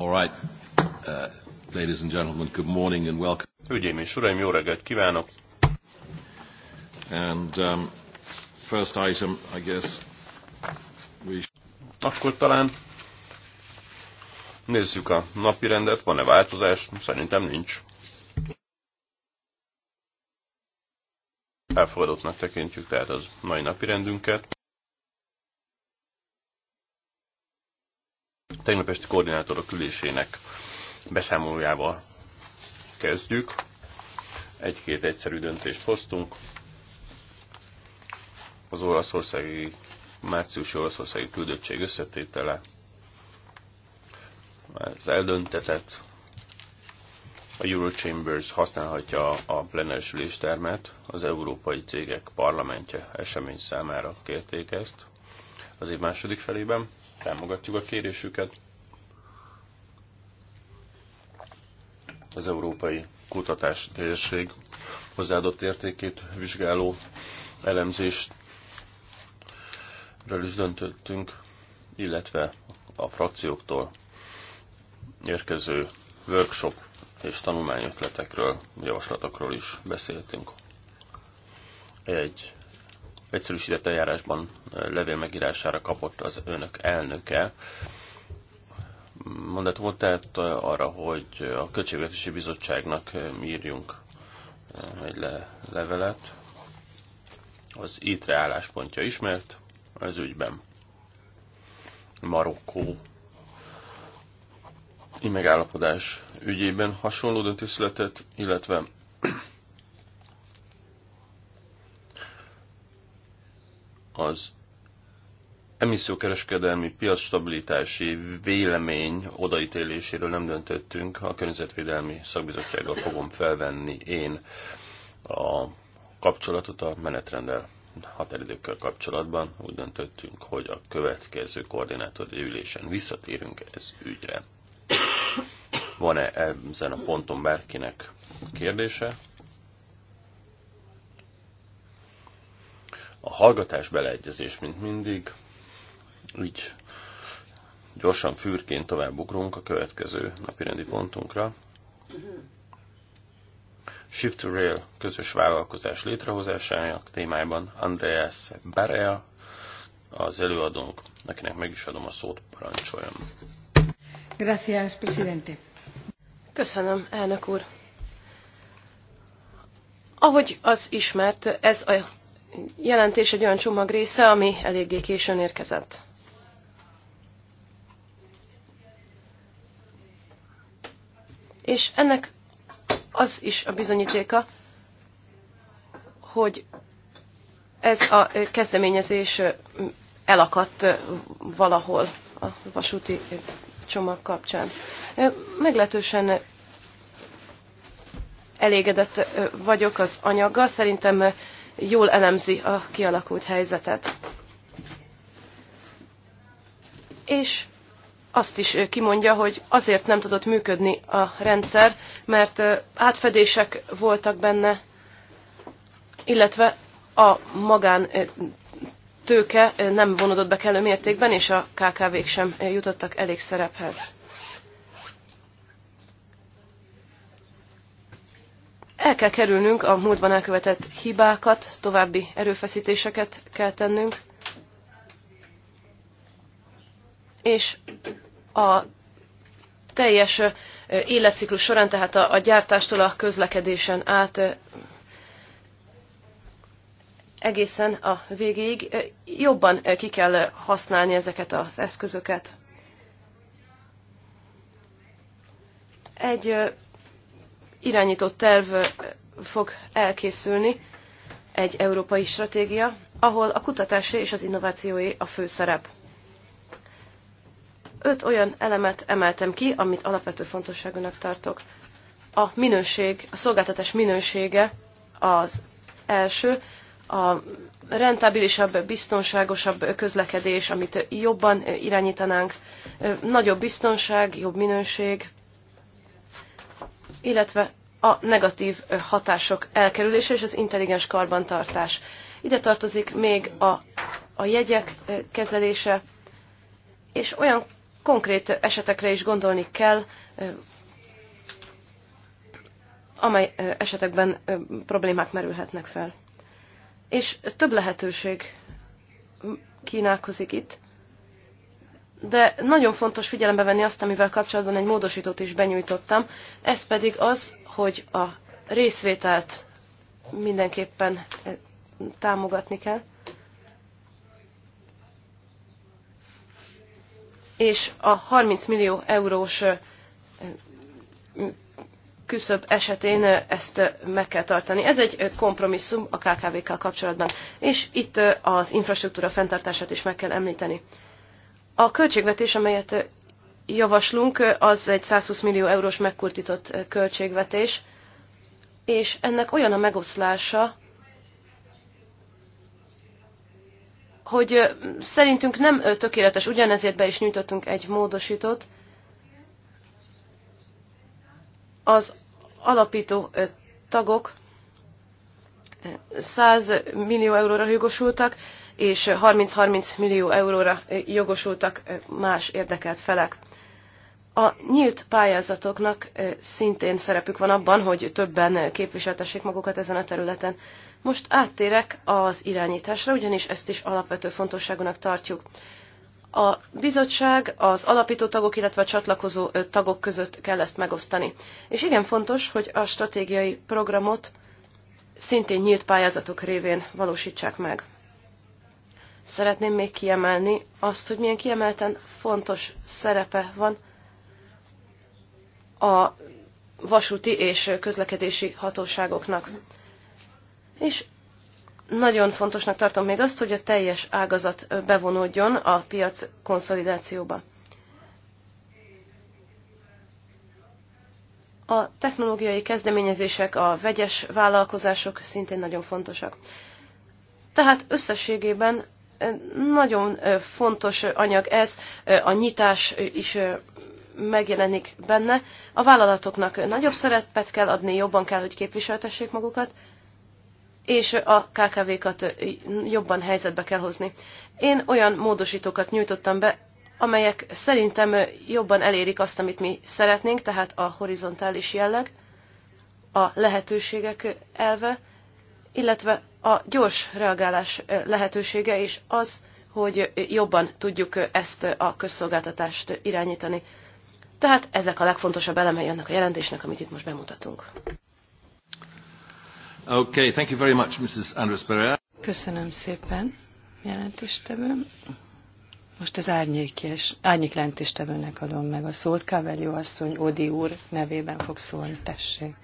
All right. Uh, ladies and gentlemen, good morning and welcome. Hölgyeim és uraim, jó reggelt kívánok! And um, first item, I guess, we... Akkor talán nézzük a napi rendet, van-e változás? Szerintem nincs. Elfogadottnak tekintjük tehát az mai napi rendünket. tegnap esti koordinátorok ülésének beszámolójával kezdjük. Egy-két egyszerű döntést hoztunk. Az olaszországi, márciusi olaszországi küldöttség összetétele, az eldöntetett, a Eurochambers használhatja a plenáris üléstermet, az európai cégek parlamentje esemény számára kérték ezt az év második felében támogatjuk a kérésüket. Az Európai kutatás Térség hozzáadott értékét vizsgáló elemzést is döntöttünk, illetve a frakcióktól érkező workshop és tanulmányötletekről, javaslatokról is beszéltünk. Egy egyszerűsített eljárásban levél megírására kapott az önök elnöke. Mondat volt tehát arra, hogy a Költségvetési Bizottságnak írjunk egy le levelet. Az ITRE álláspontja ismert az ügyben. Marokkó megállapodás ügyében hasonló döntés született, illetve az emissziókereskedelmi piacstabilitási vélemény odaítéléséről nem döntöttünk. A Környezetvédelmi Szakbizottsággal fogom felvenni én a kapcsolatot a menetrendel határidőkkel kapcsolatban. Úgy döntöttünk, hogy a következő koordinátor ülésen visszatérünk ez ügyre. Van-e ezen a ponton bárkinek kérdése? a hallgatás beleegyezés, mint mindig. úgy gyorsan fürként tovább ugrunk a következő napirendi pontunkra. Shift to Rail közös vállalkozás létrehozásának témájában Andreas Barea az előadónk, akinek meg is adom a szót, parancsoljon. Gracias, presidente. Köszönöm, elnök úr. Ahogy az ismert, ez a jelentés egy olyan csomag része, ami eléggé későn érkezett. És ennek az is a bizonyítéka, hogy ez a kezdeményezés elakadt valahol a vasúti csomag kapcsán. Meglehetősen elégedett vagyok az anyaggal, szerintem jól elemzi a kialakult helyzetet. És azt is kimondja, hogy azért nem tudott működni a rendszer, mert átfedések voltak benne, illetve a magán tőke nem vonódott be kellő mértékben, és a KKV-k sem jutottak elég szerephez. El kell kerülnünk a múltban elkövetett hibákat, további erőfeszítéseket kell tennünk, és a teljes életciklus során, tehát a, gyártástól a közlekedésen át egészen a végéig jobban ki kell használni ezeket az eszközöket. Egy irányító terv fog elkészülni, egy európai stratégia, ahol a kutatásé és az innovációé a fő szerep. Öt olyan elemet emeltem ki, amit alapvető fontosságúnak tartok. A minőség, a szolgáltatás minősége az első, a rentábilisabb, biztonságosabb közlekedés, amit jobban irányítanánk, nagyobb biztonság, jobb minőség, illetve a negatív hatások elkerülése és az intelligens karbantartás. Ide tartozik még a, a jegyek kezelése, és olyan konkrét esetekre is gondolni kell, amely esetekben problémák merülhetnek fel. És több lehetőség kínálkozik itt de nagyon fontos figyelembe venni azt, amivel kapcsolatban egy módosítót is benyújtottam, ez pedig az, hogy a részvételt mindenképpen eh, támogatni kell. És a 30 millió eurós eh, küszöbb esetén eh, ezt meg kell tartani. Ez egy kompromisszum a KKV-kkal kapcsolatban, és itt az infrastruktúra fenntartását is meg kell említeni. A költségvetés, amelyet javaslunk, az egy 120 millió eurós megkurtított költségvetés, és ennek olyan a megoszlása, hogy szerintünk nem tökéletes, ugyanezért be is nyújtottunk egy módosítót. Az alapító tagok 100 millió euróra hűgosultak és thirty thirty millió euróra jogosultak más érdekelt felek. A nyílt pályázatoknak szintén szerepük van abban, hogy többen képviseltessék magukat ezen a területen. Most áttérek az irányításra, ugyanis ezt is alapvető fontosságúnak tartjuk. A bizottság, az alapító tagok, illetve a csatlakozó tagok között kell ezt megosztani. És igen fontos, hogy a stratégiai programot szintén nyílt pályázatok révén valósítsák meg szeretném még kiemelni azt, hogy milyen kiemelten fontos szerepe van a vasúti és közlekedési hatóságoknak. És nagyon fontosnak tartom még azt, hogy a teljes ágazat bevonódjon a piac konszolidációba. A technológiai kezdeményezések, a vegyes vállalkozások szintén nagyon fontosak. Tehát összességében nagyon fontos anyag ez, a nyitás is megjelenik benne. A vállalatoknak nagyobb szerepet kell adni, jobban kell, hogy képviseltessék magukat, és a KKV-kat jobban helyzetbe kell hozni. Én olyan módosítókat nyújtottam be, amelyek szerintem jobban elérik azt, amit mi szeretnénk, tehát a horizontális jelleg, a lehetőségek elve, illetve a gyors reagálás lehetősége és az, hogy jobban tudjuk ezt a közszolgáltatást irányítani. Tehát ezek a legfontosabb elemei annak a jelentésnek, amit itt most bemutatunk. Okay, thank you very much, Mrs. Andres Pereira. Köszönöm szépen, jelentéstevő. Most az árnyékes, árnyék jelentéstevőnek adom meg a szót. Kávelyó asszony Odi úr nevében fog szólni, tessék.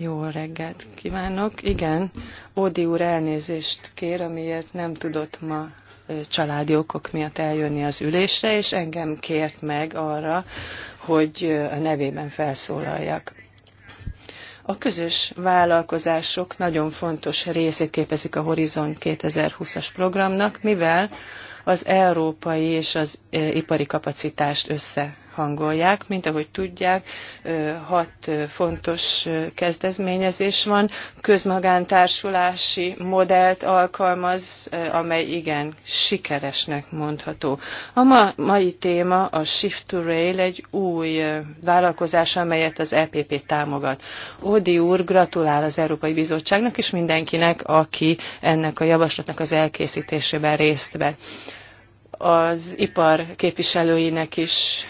Jó reggelt kívánok. Igen, Ódi úr elnézést kér, amiért nem tudott ma családi okok miatt eljönni az ülésre, és engem kért meg arra, hogy a nevében felszólaljak. A közös vállalkozások nagyon fontos részét képezik a Horizon 2020-as programnak, mivel az európai és az ipari kapacitást össze meghangolják. Mint ahogy tudják, hat fontos kezdezményezés van. Közmagántársulási modellt alkalmaz, amely igen sikeresnek mondható. A ma, mai téma a Shift to Rail, egy új vállalkozás, amelyet az EPP támogat. Odi úr gratulál az Európai Bizottságnak és mindenkinek, aki ennek a javaslatnak az elkészítésében részt vett az ipar képviselőinek is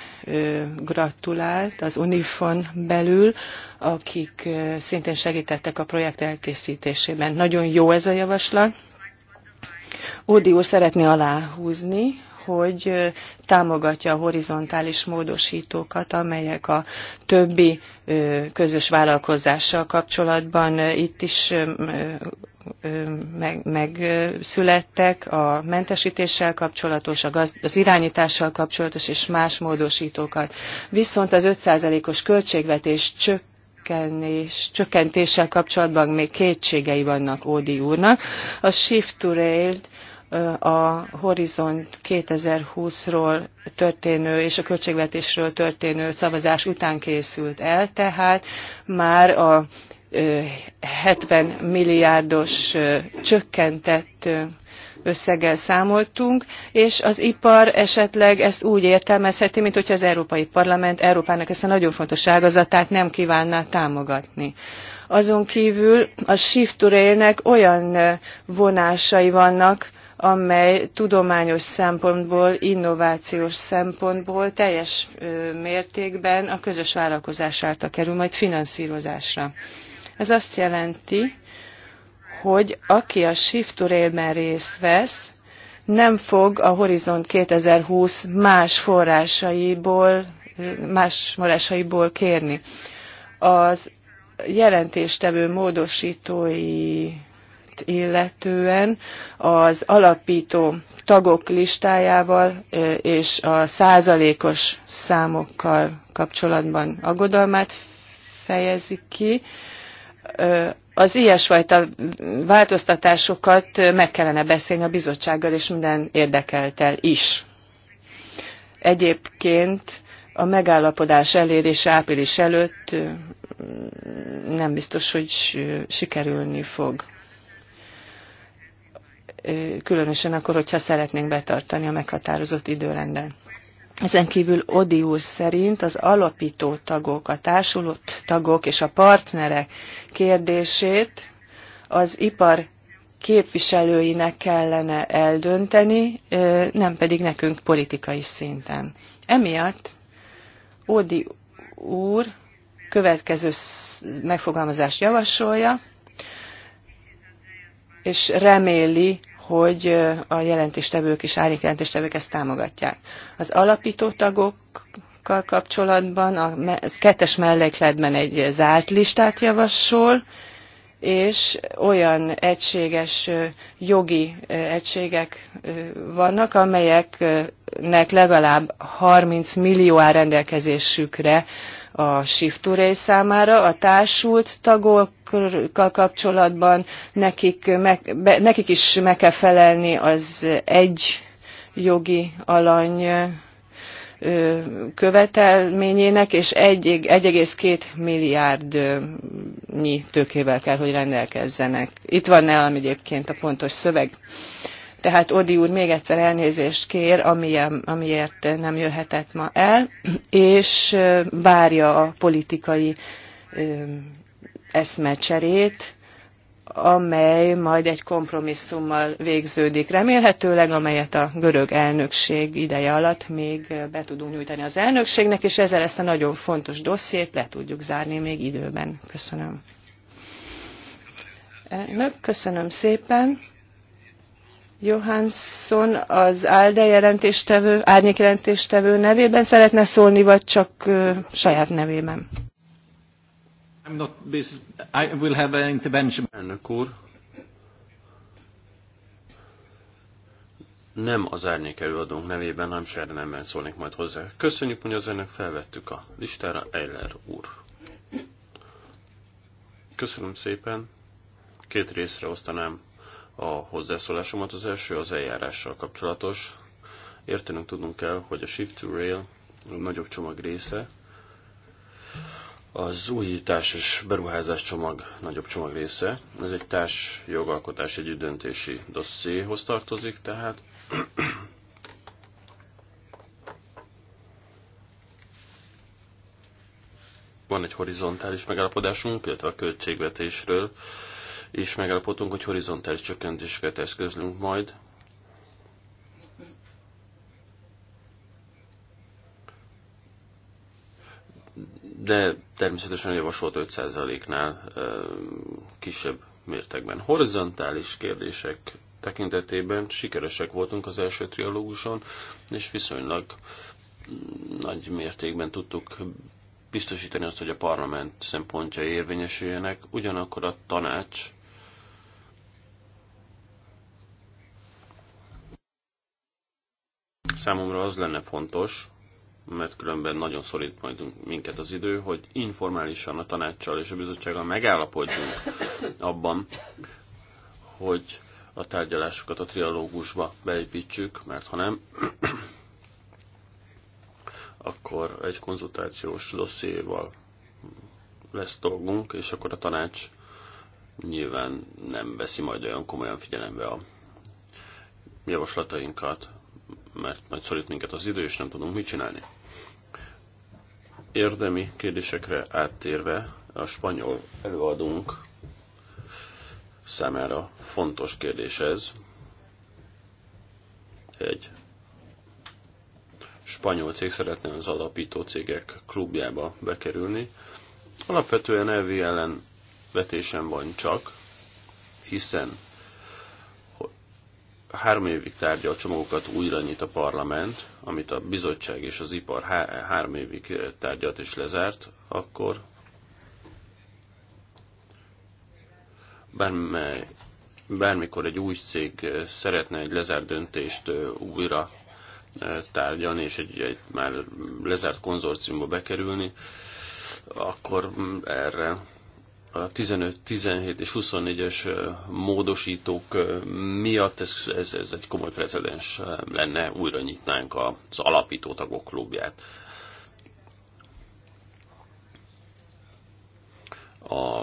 gratulált az Unifon belül, akik szintén segítettek a projekt elkészítésében. Nagyon jó ez a javaslat. Ódió szeretné aláhúzni, hogy támogatja a horizontális módosítókat, amelyek a többi közös vállalkozással kapcsolatban itt is megszülettek, meg a mentesítéssel kapcsolatos, a gaz, az irányítással kapcsolatos és más módosítókat. Viszont az 5%-os költségvetés csök csökkenés, csökkentéssel kapcsolatban még kétségei vannak Ódi úrnak. A Shift to Rail a Horizont 2020-ról történő és a költségvetésről történő szavazás után készült el, tehát már a 70 milliárdos csökkentett összeggel számoltunk, és az ipar esetleg ezt úgy értelmezheti, mint hogyha az Európai Parlament Európának ezt a nagyon fontos ágazatát nem kívánná támogatni. Azon kívül a shift to olyan vonásai vannak, amely tudományos szempontból, innovációs szempontból teljes mértékben a közös vállalkozás által kerül majd finanszírozásra. Ez azt jelenti, hogy aki a Shift Rail-ben részt vesz, nem fog a Horizont 2020 más forrásaiból, más forrásaiból kérni. Az jelentéstevő módosítói illetően az alapító tagok listájával és a százalékos számokkal kapcsolatban aggodalmát fejezi ki. Az ilyesfajta változtatásokat meg kellene beszélni a bizottsággal és minden érdekeltel is. Egyébként a megállapodás elérése április előtt nem biztos, hogy sikerülni fog különösen akkor, hogyha szeretnénk betartani a meghatározott időrenden. Ezen kívül Odi úr szerint az alapító tagok, a társulott tagok és a partnerek kérdését az ipar képviselőinek kellene eldönteni, nem pedig nekünk politikai szinten. Emiatt Ódi úr következő megfogalmazást javasolja, és reméli, hogy a jelentéstevők és jelentéstevők ezt támogatják. Az alapító tagokkal kapcsolatban a kettes mellékletben egy zárt listát javasol, és olyan egységes jogi egységek vannak, amelyeknek legalább 30 millió áll rendelkezésükre a Shift számára, a társult tagokkal kapcsolatban nekik, meg, be, nekik is meg kell felelni az egy jogi alany követelményének, és 1,2 nyi tőkével kell, hogy rendelkezzenek. Itt van nálam egyébként a pontos szöveg. Tehát Odi úr még egyszer elnézést kér, amilyen, amiért nem jöhetett ma el, és várja a politikai eszmecserét, amely majd egy kompromisszummal végződik remélhetőleg, amelyet a görög elnökség ideje alatt még be tudunk nyújtani az elnökségnek, és ezzel ezt a nagyon fontos dossziét le tudjuk zárni még időben. Köszönöm. Elnök, köszönöm szépen. Johansson az ALDE jelentéstevő, árnyék jelentéstevő nevében szeretne szólni, vagy csak uh, saját nevében? I'm not busy. I will have an intervention. Elnök úr, nem az árnyék előadónk nevében, hanem saját nemben szólnék majd hozzá. Köszönjük, hogy az önök felvettük a listára, Eiler úr. Köszönöm szépen. Két részre osztanám a hozzászólásomat. Az első az eljárással kapcsolatos. Értenünk tudnunk kell, hogy a Shift to Rail nagyobb csomag része, az újítás és beruházás csomag nagyobb csomag része. Ez egy társ jogalkotás együttdöntési dossziéhoz tartozik, tehát van egy horizontális megállapodásunk, illetve a költségvetésről és megállapodtunk, hogy horizontális csökkentéseket eszközlünk majd. De természetesen javasolt 5%-nál kisebb mértékben. Horizontális kérdések tekintetében sikeresek voltunk az első trialóguson, és viszonylag nagy mértékben tudtuk biztosítani azt, hogy a parlament szempontjai érvényesüljenek, ugyanakkor a tanács Számomra az lenne fontos, mert különben nagyon szorít majd minket az idő, hogy informálisan a tanácssal és a bizottsággal megállapodjunk abban, hogy a tárgyalásokat a trialógusba beépítsük, mert ha nem, akkor egy konzultációs dosszéval lesz dolgunk, és akkor a tanács nyilván nem veszi majd olyan komolyan figyelembe a javaslatainkat, mert majd szorít minket az idő, és nem tudunk mit csinálni. Érdemi kérdésekre áttérve a spanyol előadunk számára fontos kérdés ez. Egy spanyol cég szeretne az alapító cégek klubjába bekerülni. Alapvetően elvi ellen vetésem van csak, hiszen három évig tárgyal csomagokat újra nyit a parlament, amit a bizottság és az ipar há három évig eh, tárgyalt és lezárt, akkor bármely, bármikor egy új cég eh, szeretne egy lezárt döntést eh, újra tárgyalni, és egy, egy már lezárt konzorciumba bekerülni, akkor mm, erre a 15, 17 és 24-es módosítók miatt ez, ez, ez egy komoly precedens lenne, újra nyitnánk az alapító tagok klubját. A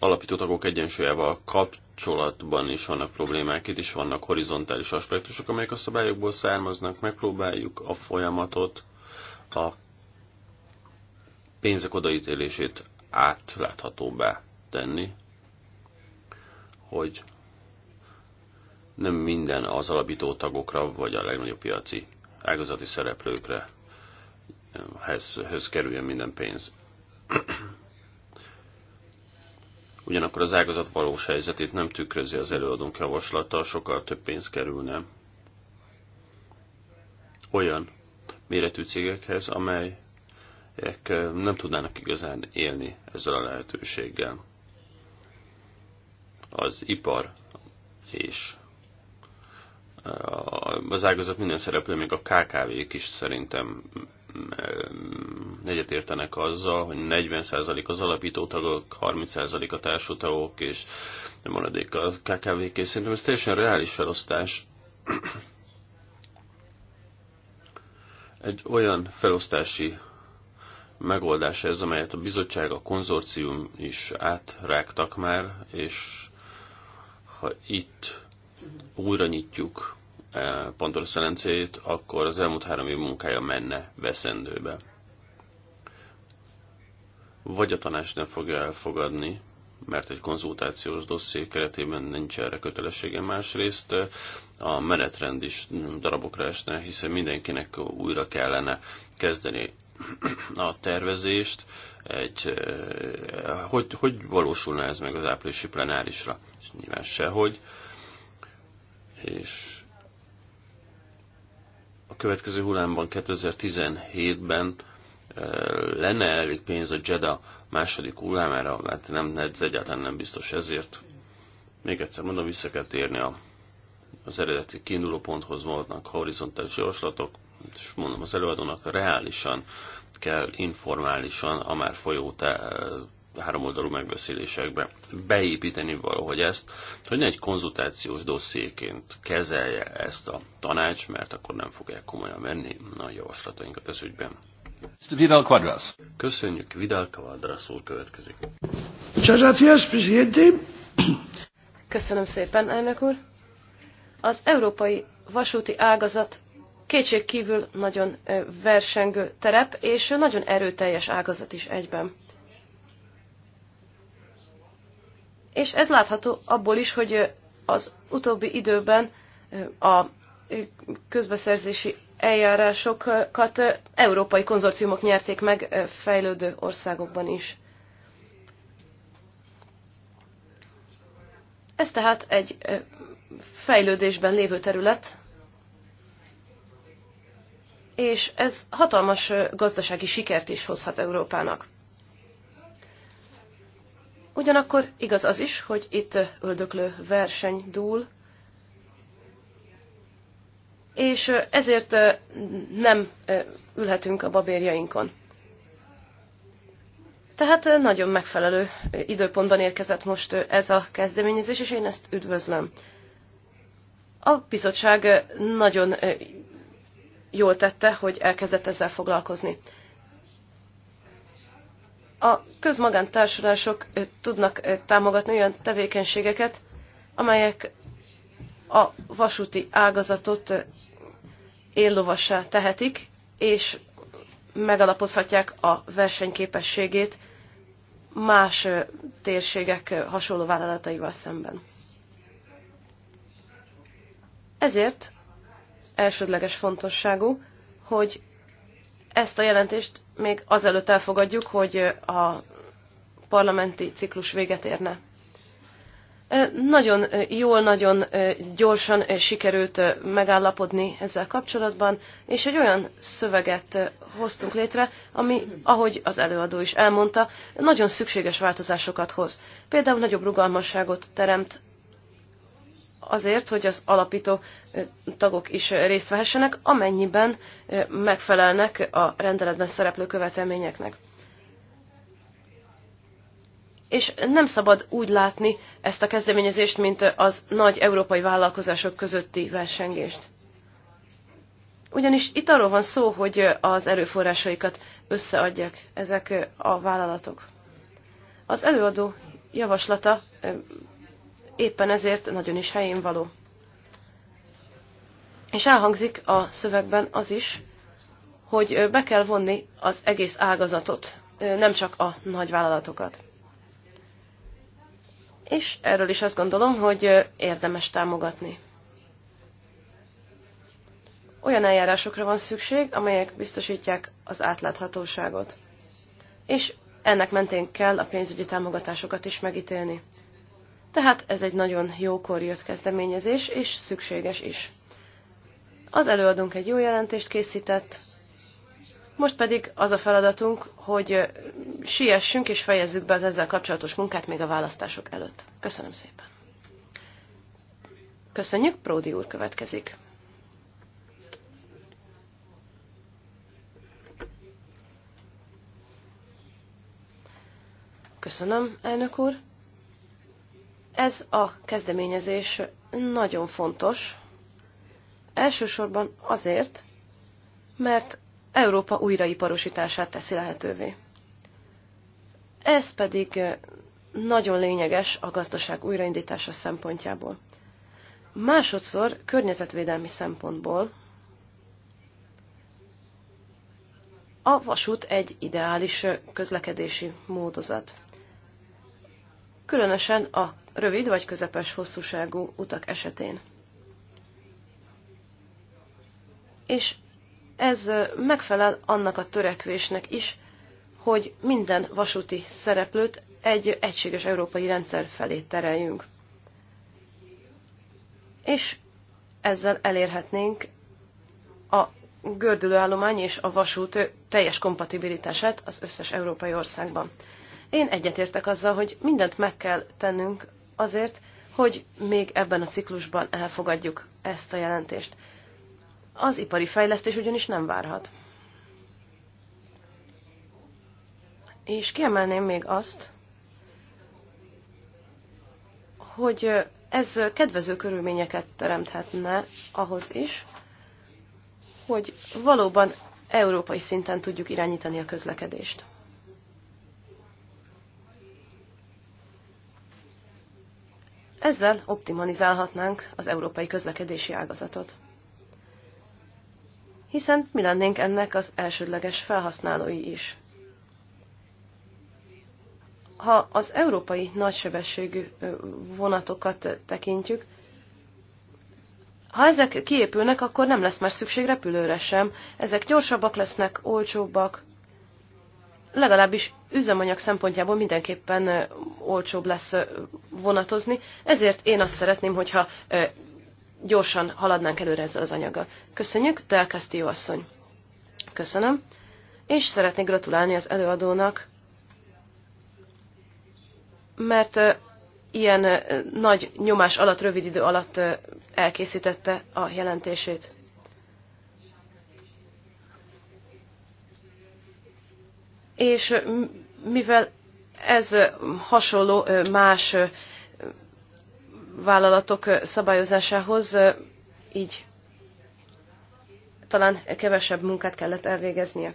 alapító tagok egyensúlyával kapcsolatban is vannak problémák, itt is vannak horizontális aspektusok, amelyek a szabályokból származnak, megpróbáljuk a folyamatot a pénzek odaítélését átláthatóbbá tenni, hogy nem minden az alapító tagokra, vagy a legnagyobb piaci ágazati szereplőkre hez, hez kerüljön minden pénz. Ugyanakkor az ágazat valós helyzetét nem tükrözi az előadónk javaslata, sokkal több pénz kerülne olyan méretű cégekhez, amely nem tudnának igazán élni ezzel a lehetőséggel. Az ipar és az ágazat minden szereplő, még a KKV-k is szerintem mm, egyetértenek azzal, hogy 40% az alapító tagok, 30% a társutagok, és nem maradék a KKV-k, és szerintem ez teljesen reális felosztás. Egy olyan felosztási megoldás ez, amelyet a bizottság, a konzorcium is átrágtak már, és ha itt újra nyitjuk e, Pandora szerencéjét, akkor az elmúlt három év munkája menne veszendőbe. Vagy a tanács nem fogja elfogadni, mert egy konzultációs dosszié keretében nincs erre kötelessége. Másrészt e, a menetrend is darabokra esne, hiszen mindenkinek újra kellene kezdeni a tervezést, egy, eh, hogy, hogy valósulna ez meg az áprilisi plenárisra? Nyilván sehogy. És a következő hullámban 2017-ben eh, lenne elég pénz a JEDA második hullámára, mert hát nem, ez egyáltalán nem biztos ezért. Még egyszer mondom, vissza kell térni a, az eredeti kiinduló ponthoz voltnak horizontális javaslatok, és mondom az előadónak, reálisan kell informálisan a már folyó háromoldalú megbeszélésekbe beépíteni valahogy ezt, hogy ne egy konzultációs dossziéként kezelje ezt a tanács, mert akkor nem fogják komolyan venni a javaslatainkat az ügyben. Mr. Vidal Quadras. Köszönjük, Vidal Quadras úr következik. Köszönöm szépen, elnök úr. Az európai vasúti ágazat kétség kívül nagyon versengő terep, és nagyon erőteljes ágazat is egyben. És ez látható abból is, hogy az utóbbi időben a közbeszerzési eljárásokat európai konzorciumok nyerték meg fejlődő országokban is. Ez tehát egy fejlődésben lévő terület, és ez hatalmas gazdasági sikert is hozhat Európának. Ugyanakkor igaz az is, hogy itt öldöklő verseny dúl, és ezért nem ülhetünk a babérjainkon. Tehát nagyon megfelelő időpontban érkezett most ez a kezdeményezés, és én ezt üdvözlöm. A bizottság nagyon jól tette, hogy elkezdett ezzel foglalkozni. A közmagántársulások tudnak támogatni olyan tevékenységeket, amelyek a vasúti ágazatot éllovassá tehetik, és megalapozhatják a versenyképességét más térségek hasonló vállalataival szemben. Ezért elsődleges fontosságú, hogy ezt a jelentést még azelőtt elfogadjuk, hogy a parlamenti ciklus véget érne. Nagyon jól, nagyon gyorsan sikerült megállapodni ezzel kapcsolatban, és egy olyan szöveget hoztunk létre, ami, ahogy az előadó is elmondta, nagyon szükséges változásokat hoz. Például nagyobb rugalmasságot teremt azért, hogy az alapító tagok is részt vehessenek, amennyiben megfelelnek a rendeletben szereplő követelményeknek. És nem szabad úgy látni ezt a kezdeményezést, mint az nagy európai vállalkozások közötti versengést. Ugyanis itt arról van szó, hogy az erőforrásaikat összeadják ezek a vállalatok. Az előadó javaslata éppen ezért nagyon is helyén való. És elhangzik a szövegben az is, hogy be kell vonni az egész ágazatot, nem csak a nagyvállalatokat. És erről is azt gondolom, hogy érdemes támogatni. Olyan eljárásokra van szükség, amelyek biztosítják az átláthatóságot. És ennek mentén kell a pénzügyi támogatásokat is megítélni. Tehát ez egy nagyon jókor jött kezdeményezés, és szükséges is. Az előadónk egy jó jelentést készített, most pedig az a feladatunk, hogy siessünk és fejezzük be az ezzel kapcsolatos munkát még a választások előtt. Köszönöm szépen. Köszönjük, Pródi úr következik. Köszönöm, elnök úr. Ez a kezdeményezés nagyon fontos, elsősorban azért, mert Európa újraiparosítását teszi lehetővé. Ez pedig nagyon lényeges a gazdaság újraindítása szempontjából. Másodszor környezetvédelmi szempontból a vasút egy ideális közlekedési módozat különösen a rövid vagy közepes hosszúságú utak esetén. És ez megfelel annak a törekvésnek is, hogy minden vasúti szereplőt egy egységes európai rendszer felé tereljünk. És ezzel elérhetnénk a gördülőállomány és a vasút teljes kompatibilitását az összes európai országban. Én egyetértek azzal, hogy mindent meg kell tennünk azért, hogy még ebben a ciklusban elfogadjuk ezt a jelentést. Az ipari fejlesztés ugyanis nem várhat. És kiemelném még azt, hogy ez kedvező körülményeket teremthetne ahhoz is, hogy valóban európai szinten tudjuk irányítani a közlekedést. Ezzel optimalizálhatnánk az európai közlekedési ágazatot. Hiszen mi lennénk ennek az elsődleges felhasználói is. Ha az európai nagysebességű vonatokat tekintjük, ha ezek kiépülnek, akkor nem lesz már szükség repülőre sem. Ezek gyorsabbak lesznek, olcsóbbak, legalábbis üzemanyag szempontjából mindenképpen olcsóbb lesz vonatozni, ezért én azt szeretném, hogyha gyorsan haladnánk előre ezzel az anyaggal. Köszönjük, Del Castillo asszony. Köszönöm, és szeretnék gratulálni az előadónak, mert ilyen nagy nyomás alatt, rövid idő alatt elkészítette a jelentését. és mivel ez hasonló más vállalatok szabályozásához, így talán kevesebb munkát kellett elvégeznie.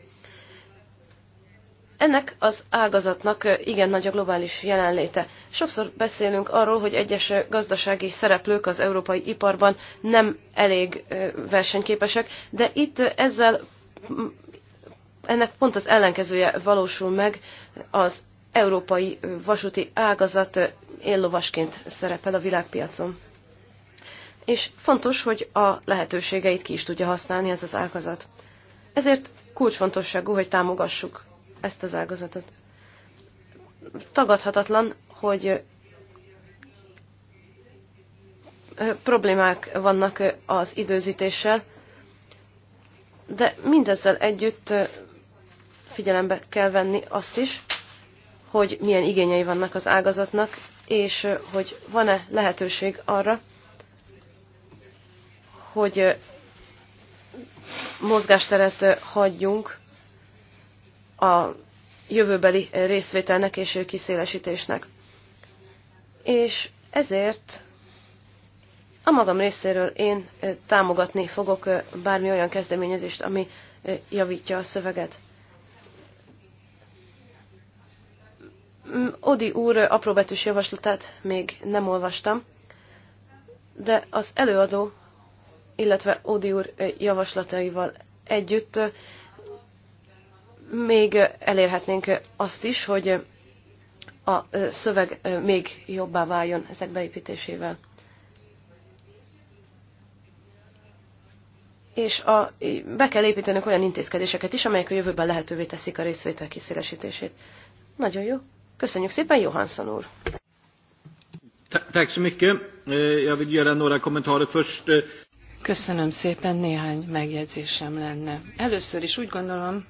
Ennek az ágazatnak igen nagy a globális jelenléte. Sokszor beszélünk arról, hogy egyes gazdasági szereplők az európai iparban nem elég versenyképesek, de itt ezzel ennek pont az ellenkezője valósul meg, az európai vasúti ágazat éllovasként szerepel a világpiacon. És fontos, hogy a lehetőségeit ki is tudja használni ez az ágazat. Ezért kulcsfontosságú, hogy támogassuk ezt az ágazatot. Tagadhatatlan, hogy problémák vannak az időzítéssel, de mindezzel együtt figyelembe kell venni azt is, hogy milyen igényei vannak az ágazatnak, és hogy van-e lehetőség arra, hogy mozgásteret hagyjunk a jövőbeli részvételnek és kiszélesítésnek. És ezért a magam részéről én támogatni fogok bármi olyan kezdeményezést, ami javítja a szöveget. Mm, Odi úr apróbetűs javaslatát még nem olvastam, de az előadó, illetve Odi úr javaslataival együtt még elérhetnénk azt is, hogy a szöveg még jobbá váljon ezek beépítésével. És a, be kell építenünk olyan intézkedéseket is, amelyek a jövőben lehetővé teszik a részvétel kiszélesítését. Nagyon jó. Köszönjük szépen, Johansson úr! Eh, eh, Köszönöm szépen, néhány megjegyzésem lenne. Először is úgy gondolom,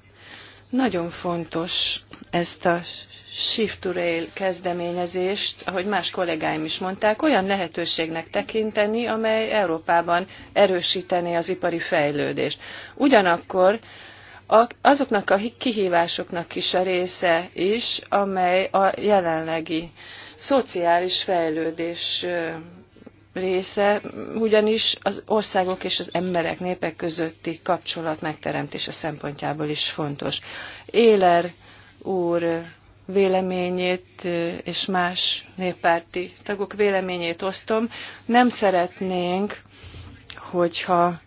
nagyon fontos ezt a Shift to Rail kezdeményezést, ahogy más kollégáim is mondták, olyan lehetőségnek tekinteni, amely Európában erősítené az ipari fejlődést. Ugyanakkor azoknak a kihívásoknak is a része is, amely a jelenlegi szociális fejlődés része, ugyanis az országok és az emberek, népek közötti kapcsolat megteremtése szempontjából is fontos. Éler úr véleményét és más néppárti tagok véleményét osztom. Nem szeretnénk, hogyha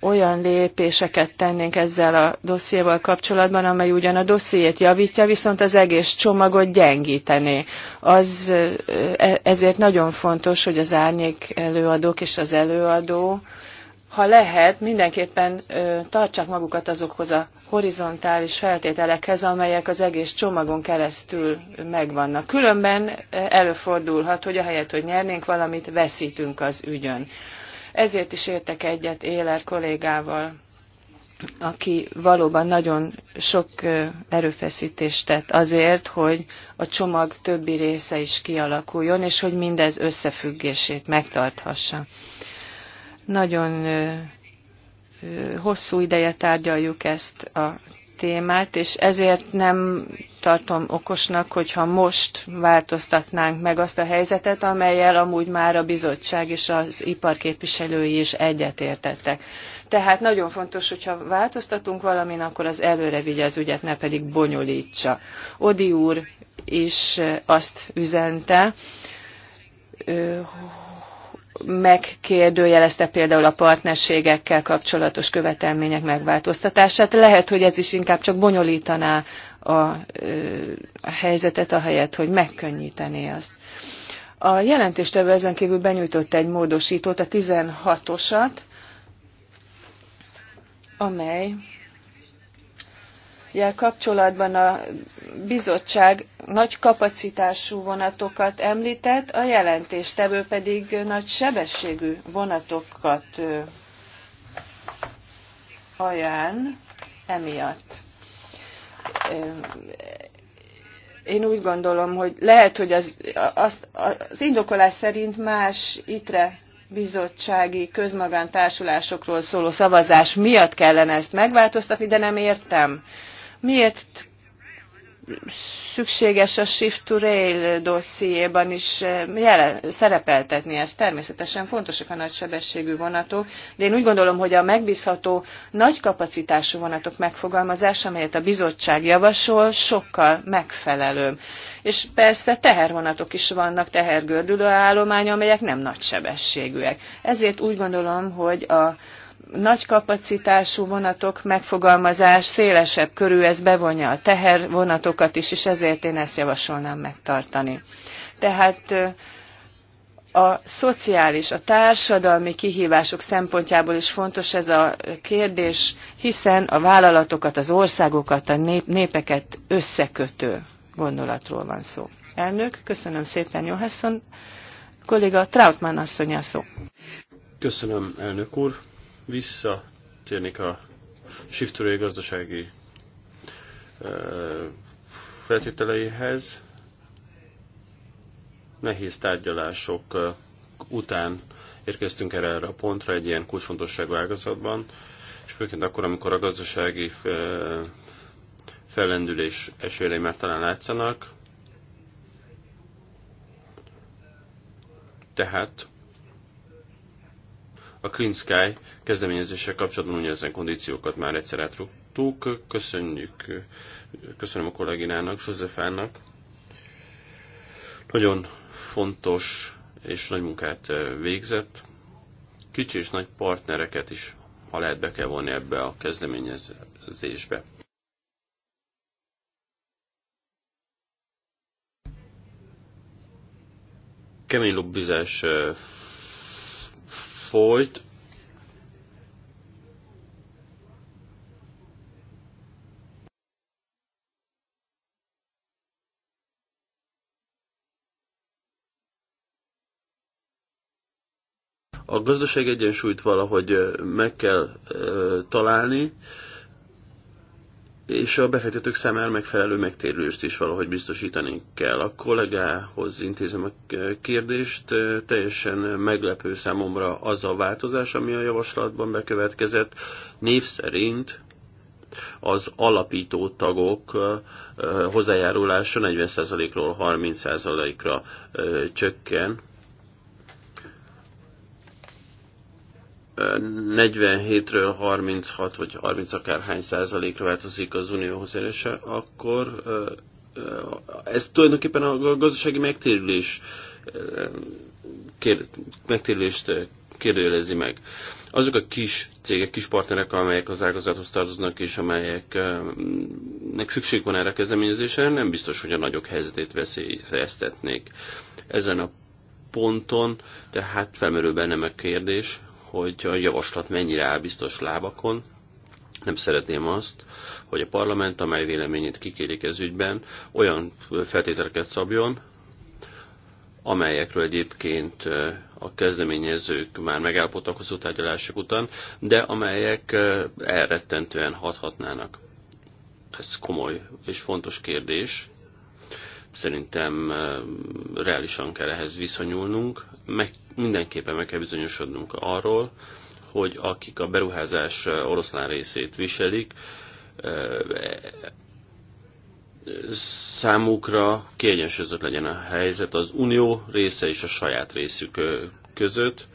olyan lépéseket tennénk ezzel a dossziéval kapcsolatban, amely ugyan a dossziét javítja, viszont az egész csomagot gyengítené. Az, e, ezért nagyon fontos, hogy az árnyék előadók és az előadó, ha lehet, mindenképpen ö, tartsák magukat azokhoz a horizontális feltételekhez, amelyek az egész csomagon keresztül megvannak. Különben előfordulhat, hogy ahelyett, hogy nyernénk valamit, veszítünk az ügyön. Ezért is értek egyet Éler kollégával, aki valóban nagyon sok erőfeszítést tett azért, hogy a csomag többi része is kialakuljon, és hogy mindez összefüggését megtarthassa. Nagyon hosszú ideje tárgyaljuk ezt a témát, és ezért nem tartom okosnak, hogyha most változtatnánk meg azt a helyzetet, amelyel amúgy már a bizottság és az iparképviselői is egyetértettek. Tehát nagyon fontos, hogyha változtatunk valamin, akkor az előre vigye az ügyet, ne pedig bonyolítsa. Odi úr is azt üzente, megkérdőjelezte például a partnerségekkel kapcsolatos követelmények megváltoztatását. Lehet, hogy ez is inkább csak bonyolítaná a, a helyzetet, ahelyett, hogy megkönnyítené azt. A jelentéstevő ezen kívül benyújtott egy módosítót, a 16-osat, amely jel kapcsolatban a bizottság nagy kapacitású vonatokat említett, a jelentéstevő pedig nagy sebességű vonatokat ajánl emiatt. Én úgy gondolom, hogy lehet, hogy az, az, az indokolás szerint más itre bizottsági közmagántársulásokról szóló szavazás miatt kellene ezt megváltoztatni, de nem értem Miért szükséges a Shift to Rail dossziéban is eh, jelen, szerepeltetni ezt. Természetesen fontosak a nagysebességű vonatok, de én úgy gondolom, hogy a megbízható nagy kapacitású vonatok megfogalmazása, amelyet a bizottság javasol, sokkal megfelelőbb. És persze tehervonatok is vannak, tehergördülő állomány, amelyek nem nagysebességűek. Ezért úgy gondolom, hogy a nagy kapacitású vonatok megfogalmazás szélesebb körül, ez bevonja a tehervonatokat is, és ezért én ezt javasolnám megtartani. Tehát a szociális, a társadalmi kihívások szempontjából is fontos ez a kérdés, hiszen a vállalatokat, az országokat, a népeket összekötő gondolatról van szó. Elnök, köszönöm szépen, Johansson. Kolléga Trautmann asszony a szó. Köszönöm, elnök úr visszatérnék a shiftolói gazdasági feltételeihez. Nehéz tárgyalások után érkeztünk erre, erre a pontra egy ilyen kulcsfontosságú ágazatban, és főként akkor, amikor a gazdasági fellendülés esélyei már talán látszanak. Tehát a Clean Sky kezdeményezéssel kapcsolatban ezen kondíciókat már egyszer átrugtuk. Köszönjük, köszönöm a kolléginának, Zsuzsefának. Nagyon fontos és nagy munkát végzett. Kicsi és nagy partnereket is, ha lehet, be kell vonni ebbe a kezdeményezésbe. Kemény lobbizás folyt. A gazdaság egyensúlyt valahogy meg kell találni, és a befektetők számára megfelelő megtérülést is valahogy biztosítani kell. A kollégához intézem a kérdést, teljesen meglepő számomra az a változás, ami a javaslatban bekövetkezett. Név szerint az alapító tagok hozzájárulása 40%-ról 30%-ra csökken, 47-ről 36 vagy 30 akárhány százalékra változik az unióhoz érése, akkor ez tulajdonképpen a gazdasági megtérülés megtérülést kérdőjelezi meg. Azok a kis cégek, kis partnerek, amelyek az ágazathoz tartoznak és amelyeknek szükség van erre a kezdeményezésre, nem biztos, hogy a nagyok helyzetét veszélyeztetnék. Ezen a ponton, tehát felmerül bennem a kérdés, hogy a javaslat mennyire áll biztos lábakon. Nem szeretném azt, hogy a parlament, amely véleményét kikérik ez ügyben, olyan feltételeket szabjon, amelyekről egyébként a kezdeményezők már megállapodtak hosszú tárgyalások után, de amelyek elrettentően hathatnának. Ez komoly és fontos kérdés. Szerintem reálisan kell ehhez viszonyulnunk. Meg mindenképpen meg kell bizonyosodnunk arról, hogy akik a beruházás oroszlán részét viselik, számukra kiegyensúlyozott legyen a helyzet az unió része és a saját részük között.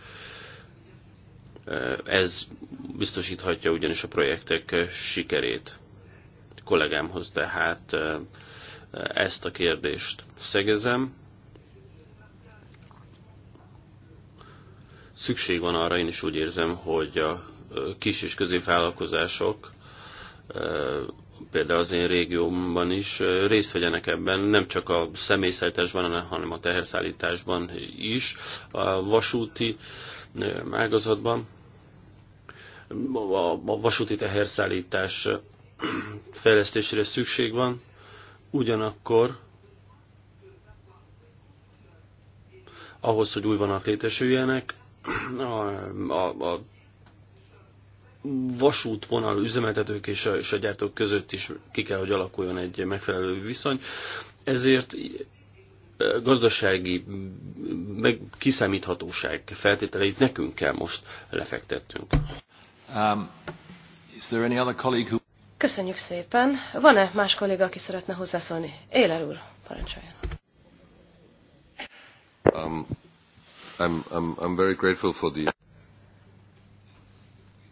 Ez biztosíthatja ugyanis a projektek sikerét. A kollégámhoz tehát ezt a kérdést szegezem. Szükség van arra, én is úgy érzem, hogy a kis és középvállalkozások például az én régiómban is részt vegyenek ebben, nem csak a személyszállításban, hanem a teherszállításban is, a vasúti ágazatban. A vasúti teherszállítás fejlesztésére szükség van, ugyanakkor ahhoz, hogy új vonalak létesüljenek, a, a vasútvonal üzemeltetők és a, és a gyártók között is ki kell, hogy alakuljon egy megfelelő viszony. Ezért e, gazdasági meg kiszámíthatóság feltételeit nekünk kell most lefektettünk. Um, is there any other colleague who... Köszönjük szépen. Van-e más kolléga, aki szeretne hozzászólni? Éler úr, parancsoljon. I'm, I'm, I'm very grateful for the...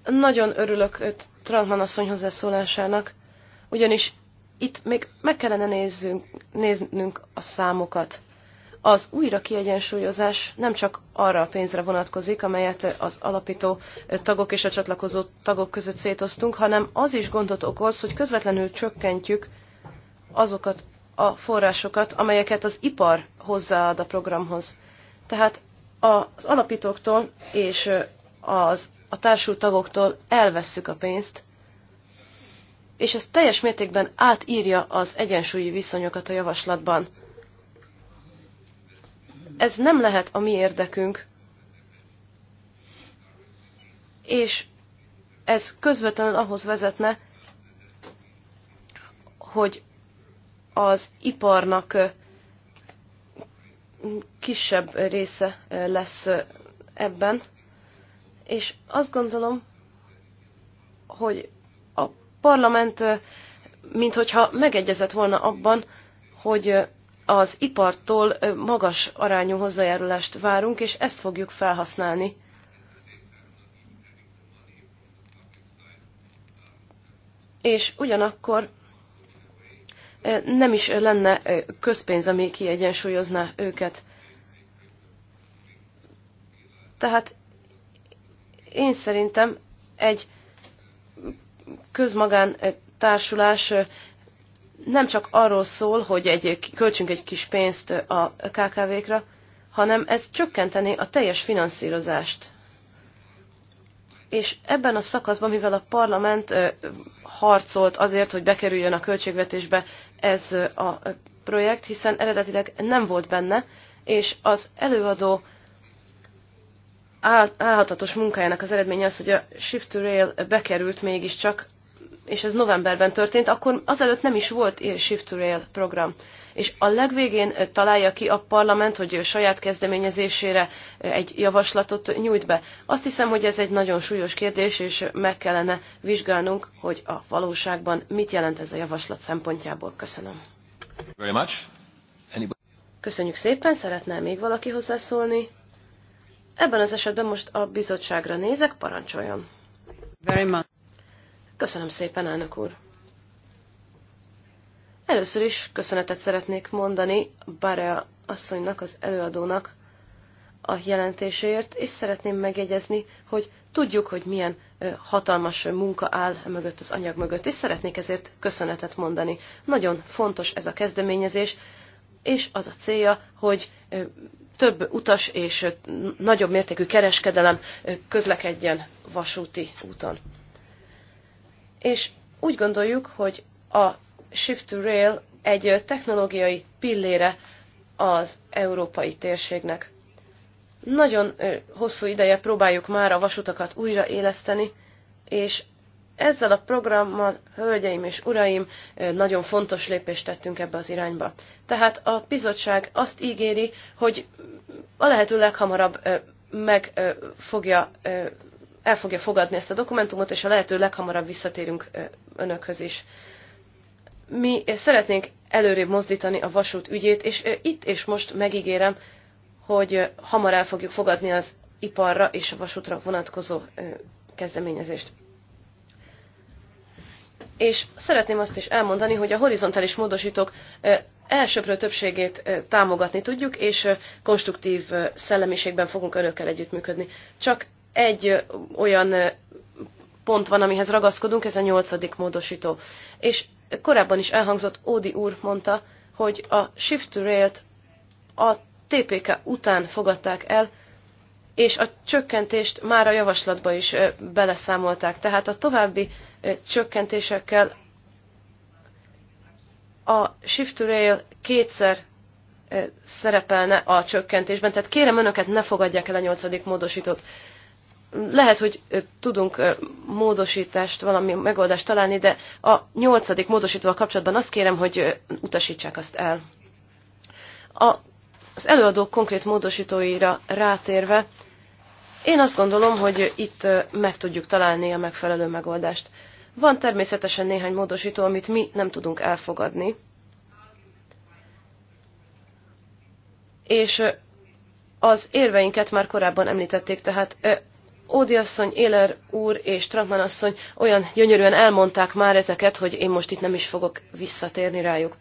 Nagyon örülök Trantman asszony hozzászólásának, ugyanis itt még meg kellene nézzünk, néznünk a számokat. Az újra kiegyensúlyozás nem csak arra a pénzre vonatkozik, amelyet az alapító tagok és a csatlakozó tagok között szétoztunk, hanem az is gondot okoz, hogy közvetlenül csökkentjük azokat a forrásokat, amelyeket az ipar hozzáad a programhoz. Tehát az alapítóktól és az, a társult tagoktól elvesszük a pénzt, és ez teljes mértékben átírja az egyensúlyi viszonyokat a javaslatban. Ez nem lehet a mi érdekünk, és ez közvetlenül ahhoz vezetne, hogy az iparnak kisebb része lesz ebben, és azt gondolom, hogy a parlament, minthogyha megegyezett volna abban, hogy az ipartól magas arányú hozzájárulást várunk, és ezt fogjuk felhasználni. És ugyanakkor nem is lenne közpénz, ami kiegyensúlyozná őket. Tehát én szerintem egy közmagán társulás nem csak arról szól, hogy egy, költsünk egy kis pénzt a KKV-kra, hanem ez csökkenteni a teljes finanszírozást. És ebben a szakaszban, mivel a parlament harcolt azért, hogy bekerüljön a költségvetésbe ez a projekt, hiszen eredetileg nem volt benne, és az előadó állhatatos munkájának az eredménye az, hogy a Shift to Rail bekerült mégiscsak és ez novemberben történt, akkor azelőtt nem is volt Shift to Rail program. És a legvégén találja ki a parlament, hogy saját kezdeményezésére egy javaslatot nyújt be. Azt hiszem, hogy ez egy nagyon súlyos kérdés, és meg kellene vizsgálnunk, hogy a valóságban mit jelent ez a javaslat szempontjából. Köszönöm. Very much. Köszönjük szépen, szeretne még valaki hozzászólni? Ebben az esetben most a bizottságra nézek, parancsoljon. Very much. Köszönöm szépen, elnök úr! Először is köszönetet szeretnék mondani Barea asszonynak, az előadónak a jelentéséért, és szeretném megjegyezni, hogy tudjuk, hogy milyen hatalmas munka áll e mögött az anyag mögött, és szeretnék ezért köszönetet mondani. Nagyon fontos ez a kezdeményezés, és az a célja, hogy több utas és nagyobb mértékű kereskedelem közlekedjen vasúti úton és úgy gondoljuk, hogy a Shift to Rail egy technológiai pillére az európai térségnek. Nagyon hosszú ideje próbáljuk már a vasutakat újraéleszteni, és ezzel a programmal, hölgyeim és uraim, nagyon fontos lépést tettünk ebbe az irányba. Tehát a bizottság azt ígéri, hogy a lehető leghamarabb meg fogja el fogja fogadni ezt a dokumentumot, és a lehető leghamarabb visszatérünk önökhöz is. Mi szeretnénk előrébb mozdítani a vasút ügyét, és itt és most megígérem, hogy hamar el fogjuk fogadni az iparra és a vasútra vonatkozó kezdeményezést. És szeretném azt is elmondani, hogy a horizontális módosítók elsőpről többségét támogatni tudjuk, és konstruktív szellemiségben fogunk önökkel együttműködni. Csak egy olyan pont van, amihez ragaszkodunk, ez a nyolcadik módosító. És korábban is elhangzott, Ódi úr mondta, hogy a Shift to rail a TPK után fogadták el, és a csökkentést már a javaslatba is beleszámolták. Tehát a további csökkentésekkel a Shift to Rail kétszer szerepelne a csökkentésben. Tehát kérem önöket, ne fogadják el a nyolcadik módosítót lehet, hogy tudunk módosítást, valami megoldást találni, de a nyolcadik módosítóval kapcsolatban azt kérem, hogy utasítsák azt el. A, az előadók konkrét módosítóira rátérve, én azt gondolom, hogy itt meg tudjuk találni a megfelelő megoldást. Van természetesen néhány módosító, amit mi nem tudunk elfogadni. És az érveinket már korábban említették, tehát Ódi asszony, Éler úr és Trampman asszony olyan gyönyörűen elmondták már ezeket, hogy én most itt nem is fogok visszatérni rájuk.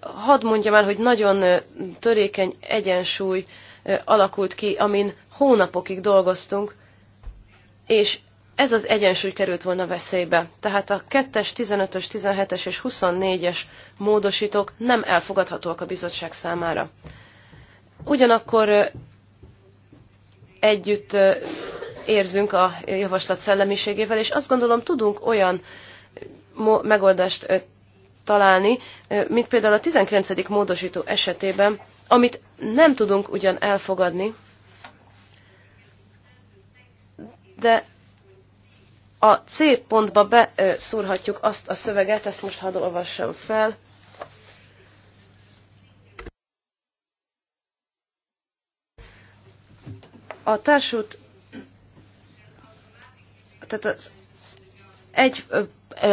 Hadd mondjam el, hogy nagyon törékeny egyensúly alakult ki, amin hónapokig dolgoztunk, és ez az egyensúly került volna veszélybe. Tehát a 2-es, 15-ös, 17-es és 24-es módosítók nem elfogadhatóak a bizottság számára. Ugyanakkor együtt érzünk a javaslat szellemiségével, és azt gondolom tudunk olyan megoldást találni, mint például a 19. módosító esetében, amit nem tudunk ugyan elfogadni, de a C pontba beszúrhatjuk azt a szöveget, ezt most hadd olvassam fel. A társult tehát az egy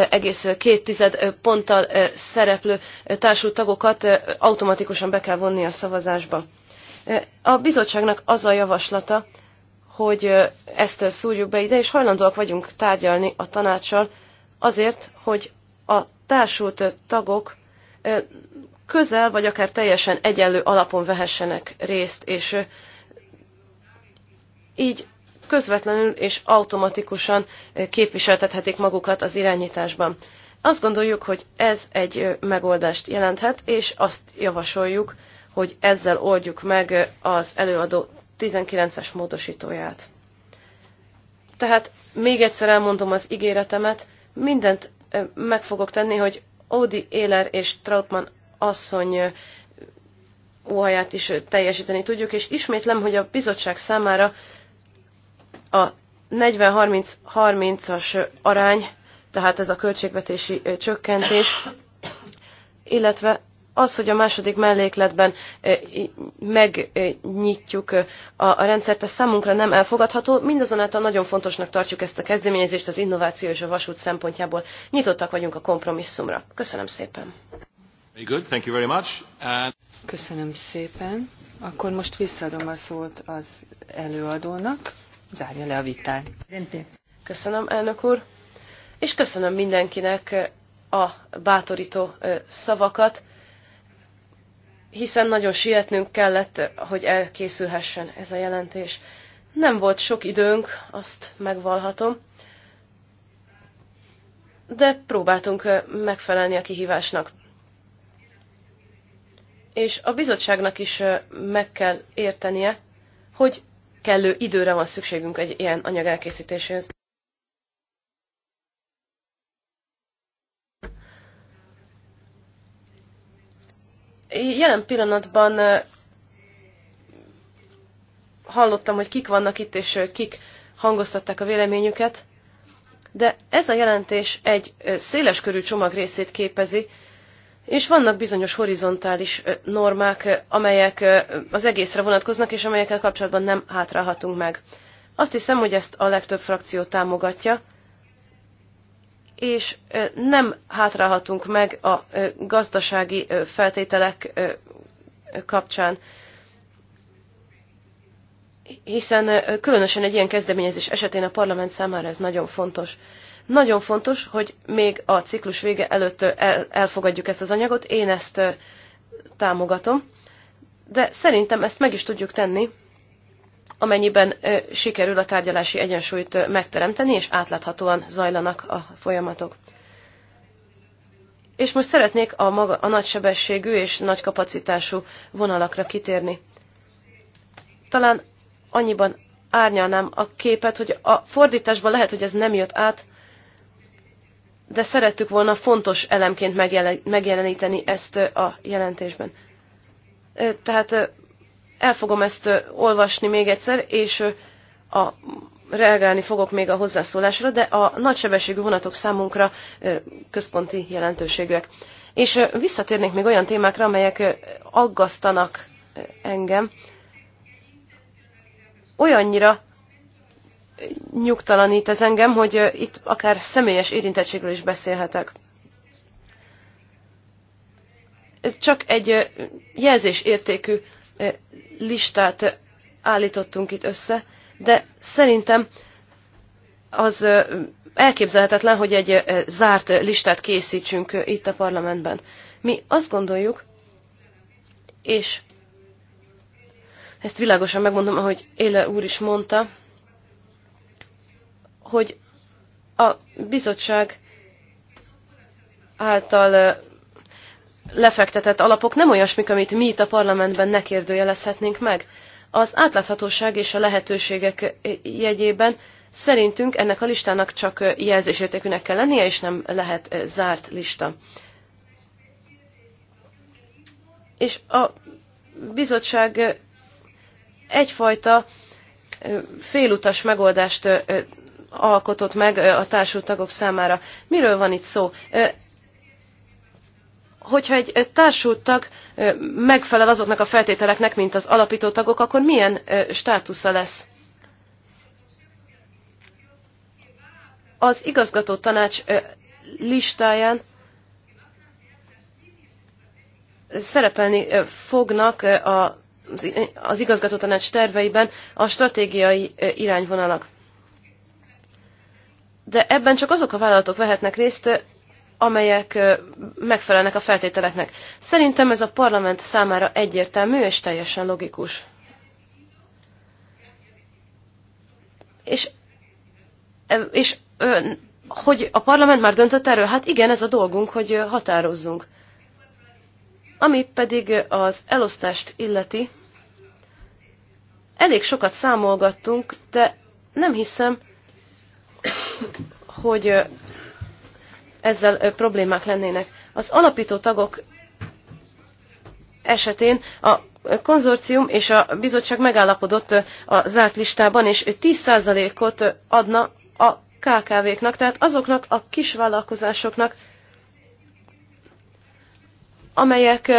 egész két tized ponttal szereplő társult tagokat automatikusan be kell vonni a szavazásba. A bizottságnak az a javaslata, hogy ezt szúrjuk be ide, és hajlandóak vagyunk tárgyalni a tanácssal azért, hogy a társult tagok közel vagy akár teljesen egyenlő alapon vehessenek részt, és így közvetlenül és automatikusan képviseltethetik magukat az irányításban. Azt gondoljuk, hogy ez egy megoldást jelenthet, és azt javasoljuk, hogy ezzel oldjuk meg az előadó 19-es módosítóját. Tehát még egyszer elmondom az ígéretemet, mindent meg fogok tenni, hogy Audi Éler és Trautmann asszony óhaját is teljesíteni tudjuk, és ismétlem, hogy a bizottság számára a 40-30-30-as arány, tehát ez a költségvetési csökkentés, illetve az, hogy a második mellékletben megnyitjuk a rendszert, ez számunkra nem elfogadható, mindazonáltal nagyon fontosnak tartjuk ezt a kezdeményezést az innováció és a vasút szempontjából. Nyitottak vagyunk a kompromisszumra. Köszönöm szépen. Köszönöm szépen. Akkor most visszadom a szót az előadónak zárja le a vitát. Köszönöm, elnök úr, és köszönöm mindenkinek a bátorító szavakat, hiszen nagyon sietnünk kellett, hogy elkészülhessen ez a jelentés. Nem volt sok időnk, azt megvalhatom, de próbáltunk megfelelni a kihívásnak. És a bizottságnak is meg kell értenie, hogy kellő időre van szükségünk egy ilyen anyag elkészítéséhez. Jelen pillanatban hallottam, hogy kik vannak itt, és kik hangoztatták a véleményüket, de ez a jelentés egy széles körű csomag részét képezi, és vannak bizonyos horizontális normák, amelyek az egészre vonatkoznak, és amelyekkel kapcsolatban nem hátrálhatunk meg. Azt hiszem, hogy ezt a legtöbb frakció támogatja, és nem hátrálhatunk meg a gazdasági feltételek kapcsán. Hiszen különösen egy ilyen kezdeményezés esetén a parlament számára ez nagyon fontos. Nagyon fontos, hogy még a ciklus vége előtt elfogadjuk ezt az anyagot, én ezt támogatom, de szerintem ezt meg is tudjuk tenni, amennyiben sikerül a tárgyalási egyensúlyt megteremteni, és átláthatóan zajlanak a folyamatok. És most szeretnék a, maga, a nagysebességű és nagy kapacitású vonalakra kitérni. Talán annyiban árnyalnám a képet, hogy a fordításban lehet, hogy ez nem jött át, de szerettük volna fontos elemként megjeleníteni ezt a jelentésben. Tehát el fogom ezt olvasni még egyszer, és a, reagálni fogok még a hozzászólásra, de a nagysebességű vonatok számunkra központi jelentőségűek. És visszatérnék még olyan témákra, amelyek aggasztanak engem, olyannyira, nyugtalanít ez engem, hogy itt akár személyes érintettségről is beszélhetek. Csak egy jelzésértékű listát állítottunk itt össze, de szerintem az elképzelhetetlen, hogy egy zárt listát készítsünk itt a parlamentben. Mi azt gondoljuk, és ezt világosan megmondom, ahogy Éle úr is mondta, hogy a bizottság által lefektetett alapok nem olyasmik, amit mi itt a parlamentben ne kérdőjelezhetnénk meg. Az átláthatóság és a lehetőségek jegyében szerintünk ennek a listának csak jelzésértékűnek kell lennie, és nem lehet zárt lista. És a bizottság egyfajta félutas megoldást alkotott meg a társultagok számára. Miről van itt szó? Hogyha egy társultag megfelel azoknak a feltételeknek, mint az alapító tagok, akkor milyen státusza lesz? Az igazgató tanács listáján szerepelni fognak az az igazgatótanács terveiben a stratégiai irányvonalak de ebben csak azok a vállalatok vehetnek részt, amelyek megfelelnek a feltételeknek. Szerintem ez a parlament számára egyértelmű és teljesen logikus. És, és hogy a parlament már döntött erről? Hát igen, ez a dolgunk, hogy határozzunk. Ami pedig az elosztást illeti, elég sokat számolgattunk, de nem hiszem, hogy ezzel problémák lennének. Az alapító tagok esetén a konzorcium és a bizottság megállapodott a zárt listában, és 10%-ot adna a KKV-knak, tehát azoknak a kisvállalkozásoknak, amelyek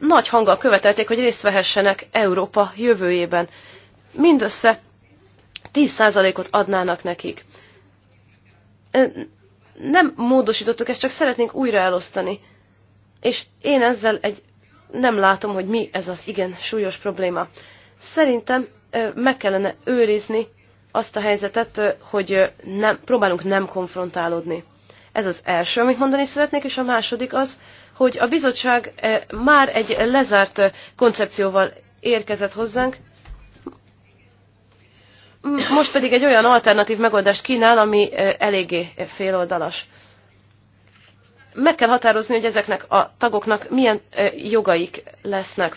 nagy hanggal követelték, hogy részt vehessenek Európa jövőjében. Mindössze 10%-ot adnának nekik nem módosítottuk, ezt csak szeretnénk újra elosztani. És én ezzel egy nem látom, hogy mi ez az igen súlyos probléma. Szerintem meg kellene őrizni azt a helyzetet, hogy nem, próbálunk nem konfrontálódni. Ez az első, amit mondani szeretnék, és a második az, hogy a bizottság már egy lezárt koncepcióval érkezett hozzánk, most pedig egy olyan alternatív megoldást kínál, ami eléggé féloldalas. Meg kell határozni, hogy ezeknek a tagoknak milyen jogaik lesznek.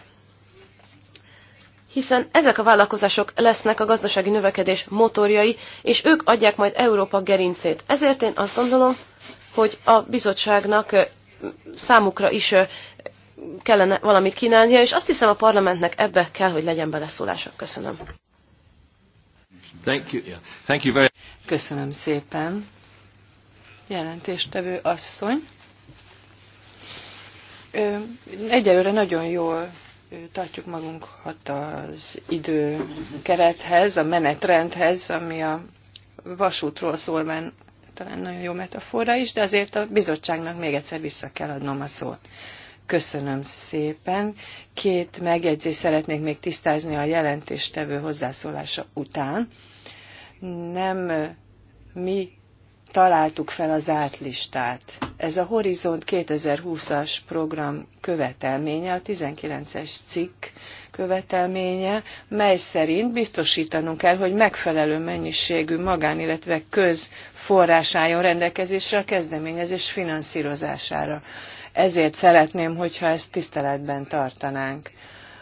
Hiszen ezek a vállalkozások lesznek a gazdasági növekedés motorjai, és ők adják majd Európa gerincét. Ezért én azt gondolom, hogy a bizottságnak számukra is kellene valamit kínálnia, és azt hiszem a parlamentnek ebbe kell, hogy legyen beleszólása. Köszönöm. Thank you. Yeah. Thank you very... Köszönöm szépen. Jelentéstevő asszony. Egyelőre nagyon jól tartjuk magunkat az idő kerethez, a menetrendhez, ami a vasútról szól, mert talán nagyon jó metafora is, de azért a bizottságnak még egyszer vissza kell adnom a szót. Köszönöm szépen. Két megjegyzést szeretnék még tisztázni a jelentéstevő hozzászólása után. Nem mi találtuk fel az átlistát. Ez a Horizont 2020-as program követelménye, a 19-es cikk követelménye, mely szerint biztosítanunk kell, hogy megfelelő mennyiségű magán, illetve közforrás álljon rendelkezésre a kezdeményezés finanszírozására. Ezért szeretném, hogyha ezt tiszteletben tartanánk.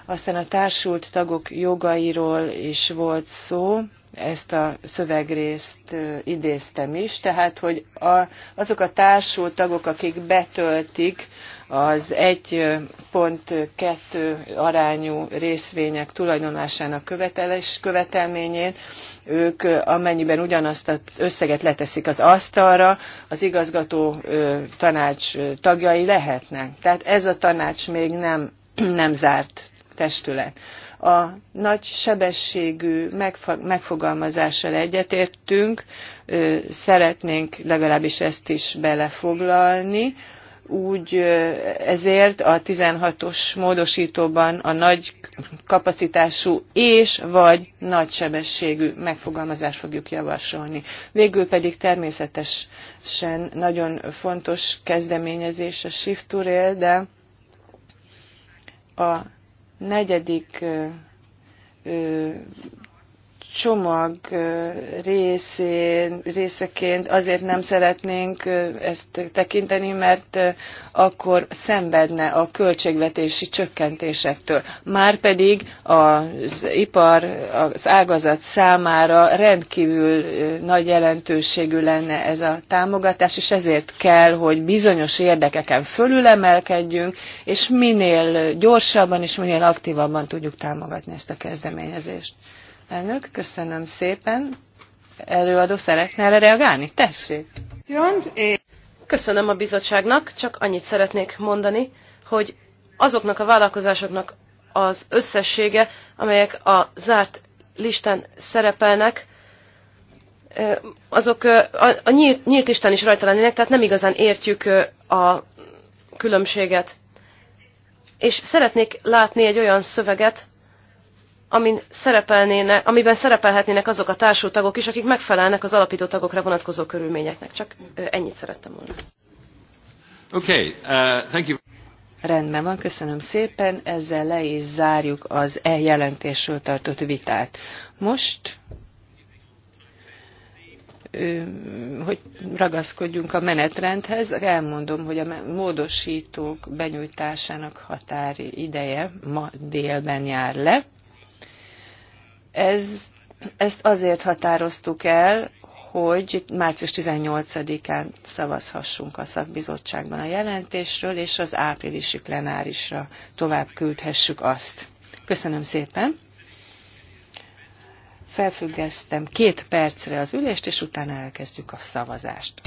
Aztán a társult tagok jogairól is volt szó, ezt a szövegrészt idéztem is, tehát hogy a, azok a társult tagok, akik betöltik az 1.2 arányú részvények tulajdonlásának követelés, követelményét, ők amennyiben ugyanazt az összeget leteszik az asztalra, az igazgató tanács tagjai lehetnek. Tehát ez a tanács még nem, nem zárt testület a nagy sebességű megfogalmazással egyetértünk, szeretnénk legalábbis ezt is belefoglalni, úgy ezért a 16-os módosítóban a nagy kapacitású és vagy nagy sebességű megfogalmazást fogjuk javasolni. Végül pedig természetesen nagyon fontos kezdeményezés a Shift to Rail, de a negyedik csomag részén, részeként azért nem szeretnénk ezt tekinteni, mert akkor szenvedne a költségvetési csökkentésektől. Márpedig az ipar, az ágazat számára rendkívül nagy jelentőségű lenne ez a támogatás, és ezért kell, hogy bizonyos érdekeken fölülemelkedjünk, és minél gyorsabban és minél aktívabban tudjuk támogatni ezt a kezdeményezést. Elnök, köszönöm szépen. Előadó szeretne erre reagálni? Tessék! Köszönöm a bizottságnak, csak annyit szeretnék mondani, hogy azoknak a vállalkozásoknak az összessége, amelyek a zárt listán szerepelnek, azok a nyílt, nyílt listán is rajta lennének, tehát nem igazán értjük a különbséget. És szeretnék látni egy olyan szöveget, amin szerepelnéne, amiben szerepelhetnének azok a társultagok is, akik megfelelnek az alapító tagokra vonatkozó körülményeknek. Csak ennyit szerettem volna. Okay, uh, thank you. Rendben van, köszönöm szépen. Ezzel le is zárjuk az e-jelentésről tartott vitát. Most hogy ragaszkodjunk a menetrendhez, elmondom, hogy a módosítók benyújtásának határideje ma délben jár le. Ez, ezt azért határoztuk el, hogy március 18-án szavazhassunk a szakbizottságban a jelentésről, és az áprilisi plenárisra tovább küldhessük azt. Köszönöm szépen! Felfüggesztem két percre az ülést, és utána elkezdjük a szavazást.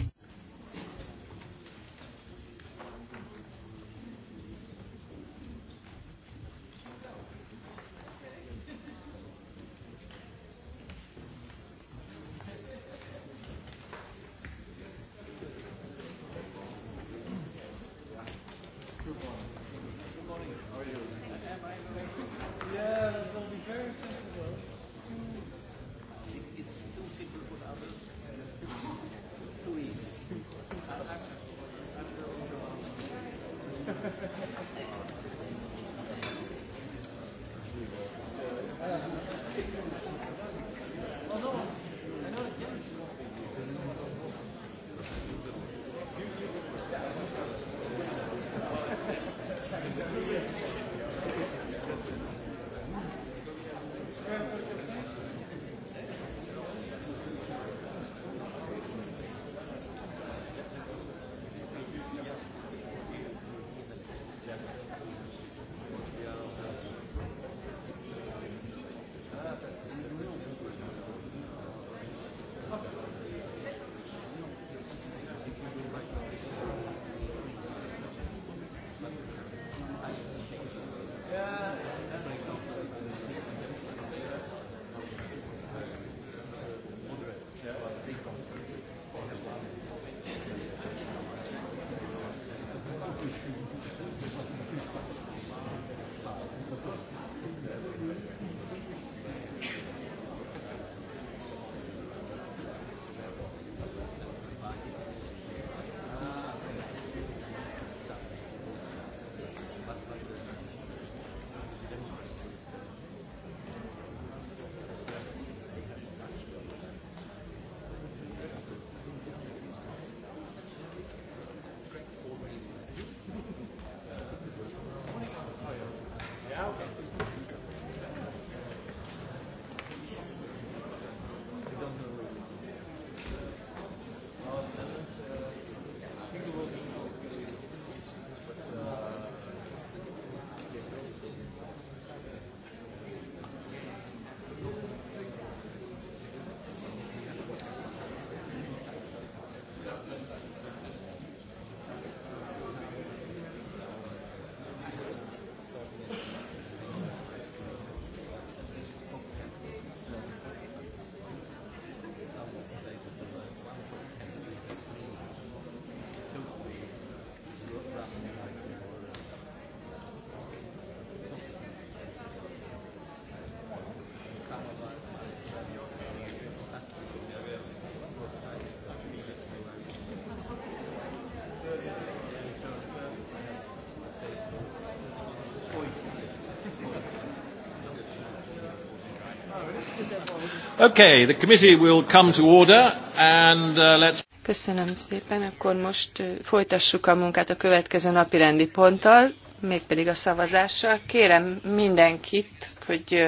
Okay, the committee will come to order and uh, let's Köszönöm szépen, akkor most uh, folytassuk a munkát a következő napi rendi ponttal, mégpedig a szavazással. Kérem mindenkit, hogy uh,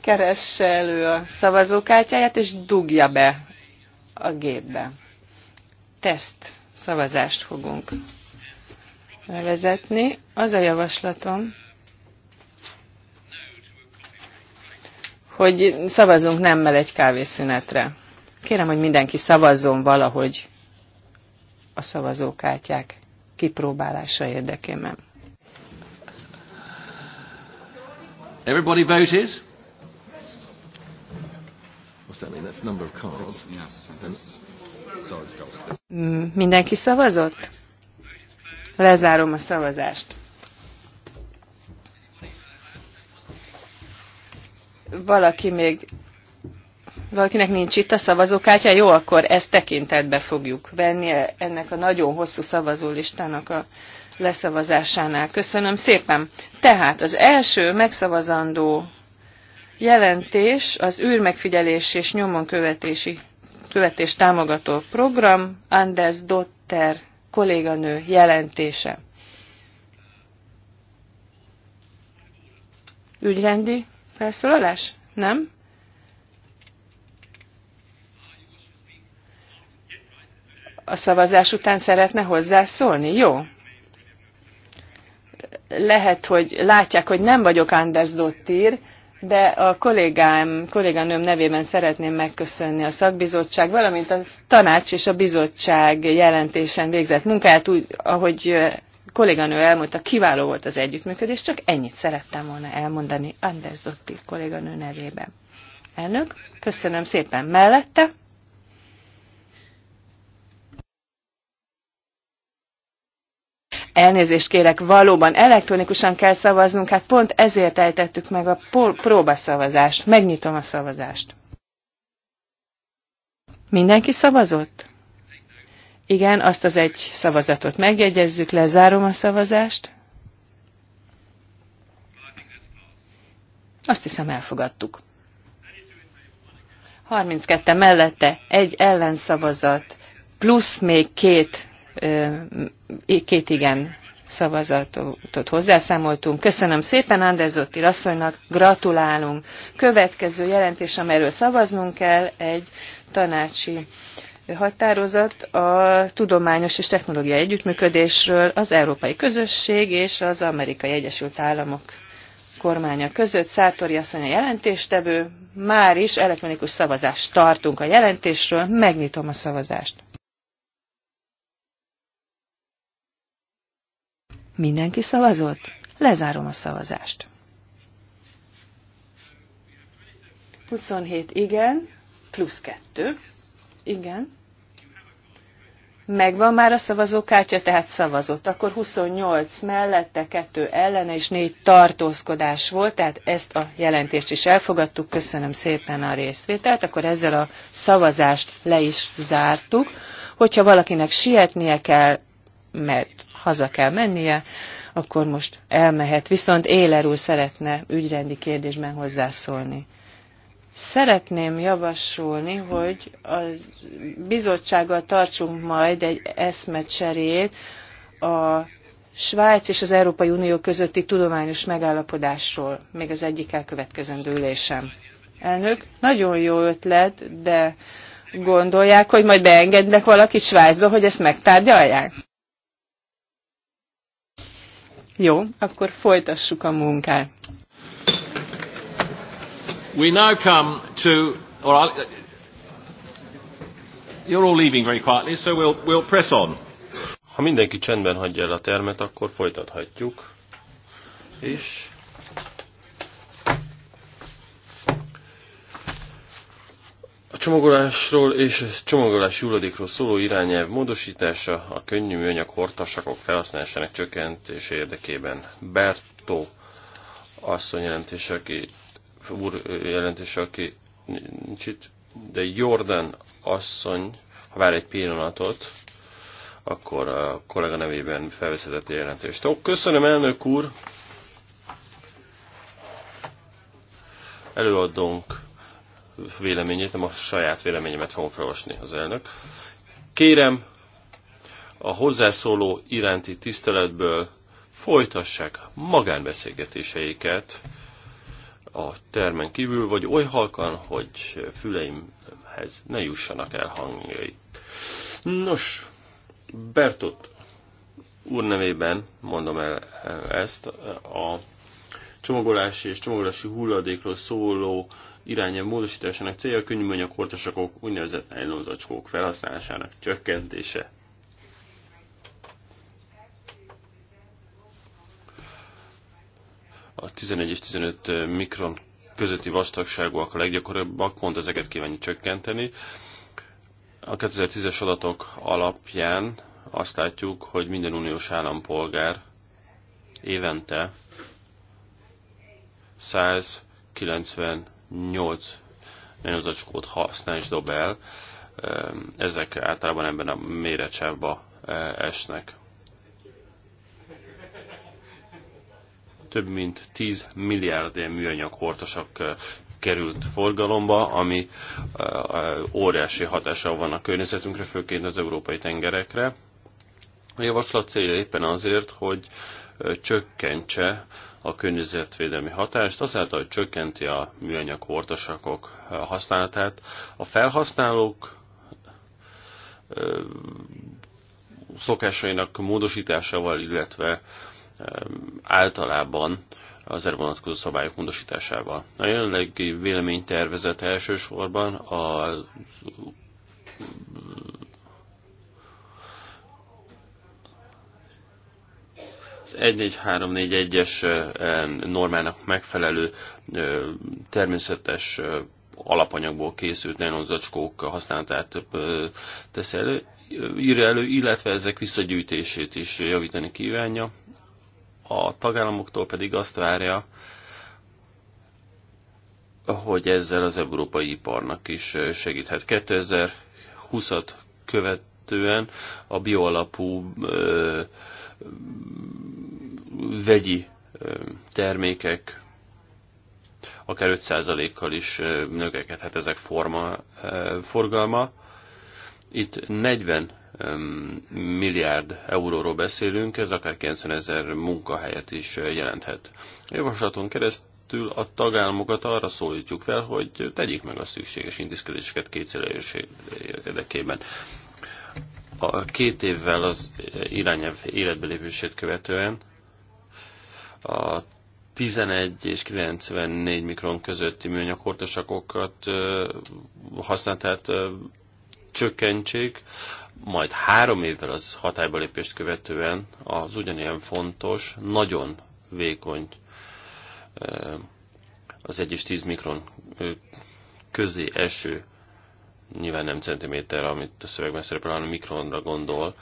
keresse elő a szavazókártyáját, és dugja be a gépbe. Teszt szavazást fogunk levezetni. Az a javaslatom, hogy szavazunk nemmel egy kávészünetre. Kérem, hogy mindenki szavazzon valahogy a szavazókártyák kipróbálása érdekében. Everybody voted? What's that mean? That's number of cards. Mindenki szavazott? Lezárom a szavazást. valaki még, valakinek nincs itt a szavazókártya, jó, akkor ezt tekintetbe fogjuk venni ennek a nagyon hosszú szavazólistának a leszavazásánál. Köszönöm szépen. Tehát az első megszavazandó jelentés az űrmegfigyelés és nyomon követési, követés támogató program, Anders Dotter kolléganő jelentése. Ügyrendi felszólalás? Nem? A szavazás után szeretne hozzászólni? Jó. Lehet, hogy látják, hogy nem vagyok Anders Dottir, de a kollégám, kolléganőm nevében szeretném megköszönni a szakbizottság, valamint a tanács és a bizottság jelentésen végzett munkáját, úgy, ahogy kolléganő elmondta, kiváló volt az együttműködés, csak ennyit szerettem volna elmondani Anders Dotti kolléganő nevében. Elnök, köszönöm szépen. Mellette? Elnézést kérek, valóban elektronikusan kell szavaznunk, hát pont ezért ejtettük meg a próbaszavazást. Megnyitom a szavazást. Mindenki szavazott? Igen, azt az egy szavazatot megjegyezzük, lezárom a szavazást. Azt hiszem elfogadtuk. 32 mellette egy ellenszavazat, plusz még két, két igen szavazatot hozzászámoltunk. Köszönöm szépen Anders Zottir asszonynak, gratulálunk. Következő jelentés, amelyről szavaznunk kell, egy tanácsi határozat a tudományos és technológiai együttműködésről az Európai Közösség és az Amerikai Egyesült Államok kormánya között. Szátori asszony a jelentéstevő. Már is elektronikus szavazást tartunk a jelentésről. Megnyitom a szavazást. Mindenki szavazott? Lezárom a szavazást. 27 igen, plusz 2. Igen. Megvan már a szavazókártya, tehát szavazott. Akkor 28 mellette, 2 ellene és 4 tartózkodás volt, tehát ezt a jelentést is elfogadtuk. Köszönöm szépen a részvételt. Akkor ezzel a szavazást le is zártuk. Hogyha valakinek sietnie kell, mert haza kell mennie, akkor most elmehet. Viszont Éler úr szeretne ügyrendi kérdésben hozzászólni. Szeretném javasolni, hogy a bizottsággal tartsunk majd egy eszmecserét a Svájc és az Európai Unió közötti tudományos megállapodásról, még az egyik elkövetkezendő ülésem. Elnök, nagyon jó ötlet, de gondolják, hogy majd beengednek valaki Svájcba, hogy ezt megtárgyalják? Jó, akkor folytassuk a munkát. We now come to, or I'll, you're all leaving very quietly, so we'll, we'll press on. Ha mindenki csendben hagyja el a termet, akkor folytathatjuk. És a csomagolásról és a csomagolási hulladékról szóló irányelv módosítása a könnyű műanyag hortasakok felhasználásának csökkentés érdekében. Bertó asszony jelentése, aki úr jelentése, aki nincs itt, de Jordan asszony, ha vár egy pillanatot, akkor a kollega nevében felveszedett a jelentést. Ó, köszönöm, elnök úr! Előadónk véleményét, nem a saját véleményemet fogom felolvasni az elnök. Kérem, a hozzászóló iránti tiszteletből folytassák magánbeszélgetéseiket, a termen kívül, vagy oly halkan, hogy füleimhez ne jussanak el hangjai. Nos, Bertot úr nevében mondom el ezt, a csomagolási és csomagolási hulladékról szóló irányelv módosításának célja a könnyűműanyag hordosakok úgynevezett nylonzacskók felhasználásának csökkentése. A 11 és 15 mikron közötti vastagságúak a leggyakoribbak, pont ezeket kívánjuk csökkenteni. A 2010-es adatok alapján azt látjuk, hogy minden uniós állampolgár évente 198 nagyon használ és dob el, ezek általában ebben a méretsávba esnek. több mint 10 milliárd ilyen műanyag hordosok került forgalomba, ami óriási hatással van a környezetünkre, főként az európai tengerekre. A javaslat célja éppen azért, hogy csökkentse a környezetvédelmi hatást, azáltal, hogy csökkenti a műanyag hordosakok használatát. A felhasználók szokásainak módosításával, illetve általában az erre vonatkozó szabályok módosításával. A jelenlegi véleménytervezet elsősorban a az 14341 es eh, normának megfelelő eh, természetes eh, alapanyagból készült nejlonzacskók használatát tesz elő, írja elő, illetve ezek visszagyűjtését is javítani kívánja a tagállamoktól pedig azt várja, hogy ezzel az európai iparnak is segíthet. 2020-at követően a bioalapú vegyi termékek akár 5%-kal is növekedhet ezek forma, forgalma. Itt 40 milliárd euróról beszélünk, ez akár 90 ezer munkahelyet is jelenthet. Javaslaton keresztül a tagállamokat arra szólítjuk fel, hogy tegyék meg a szükséges intézkedéseket két érdekében. A két évvel az irányelv életbelépését követően a 11 és 94 mikron közötti használt, tehát csökkentsék, majd három évvel az hatályba lépést követően az ugyanilyen fontos, nagyon vékony az 1 és 10 mikron közé eső, nyilván nem centiméter, amit a szövegben szerepel, hanem mikronra gondol,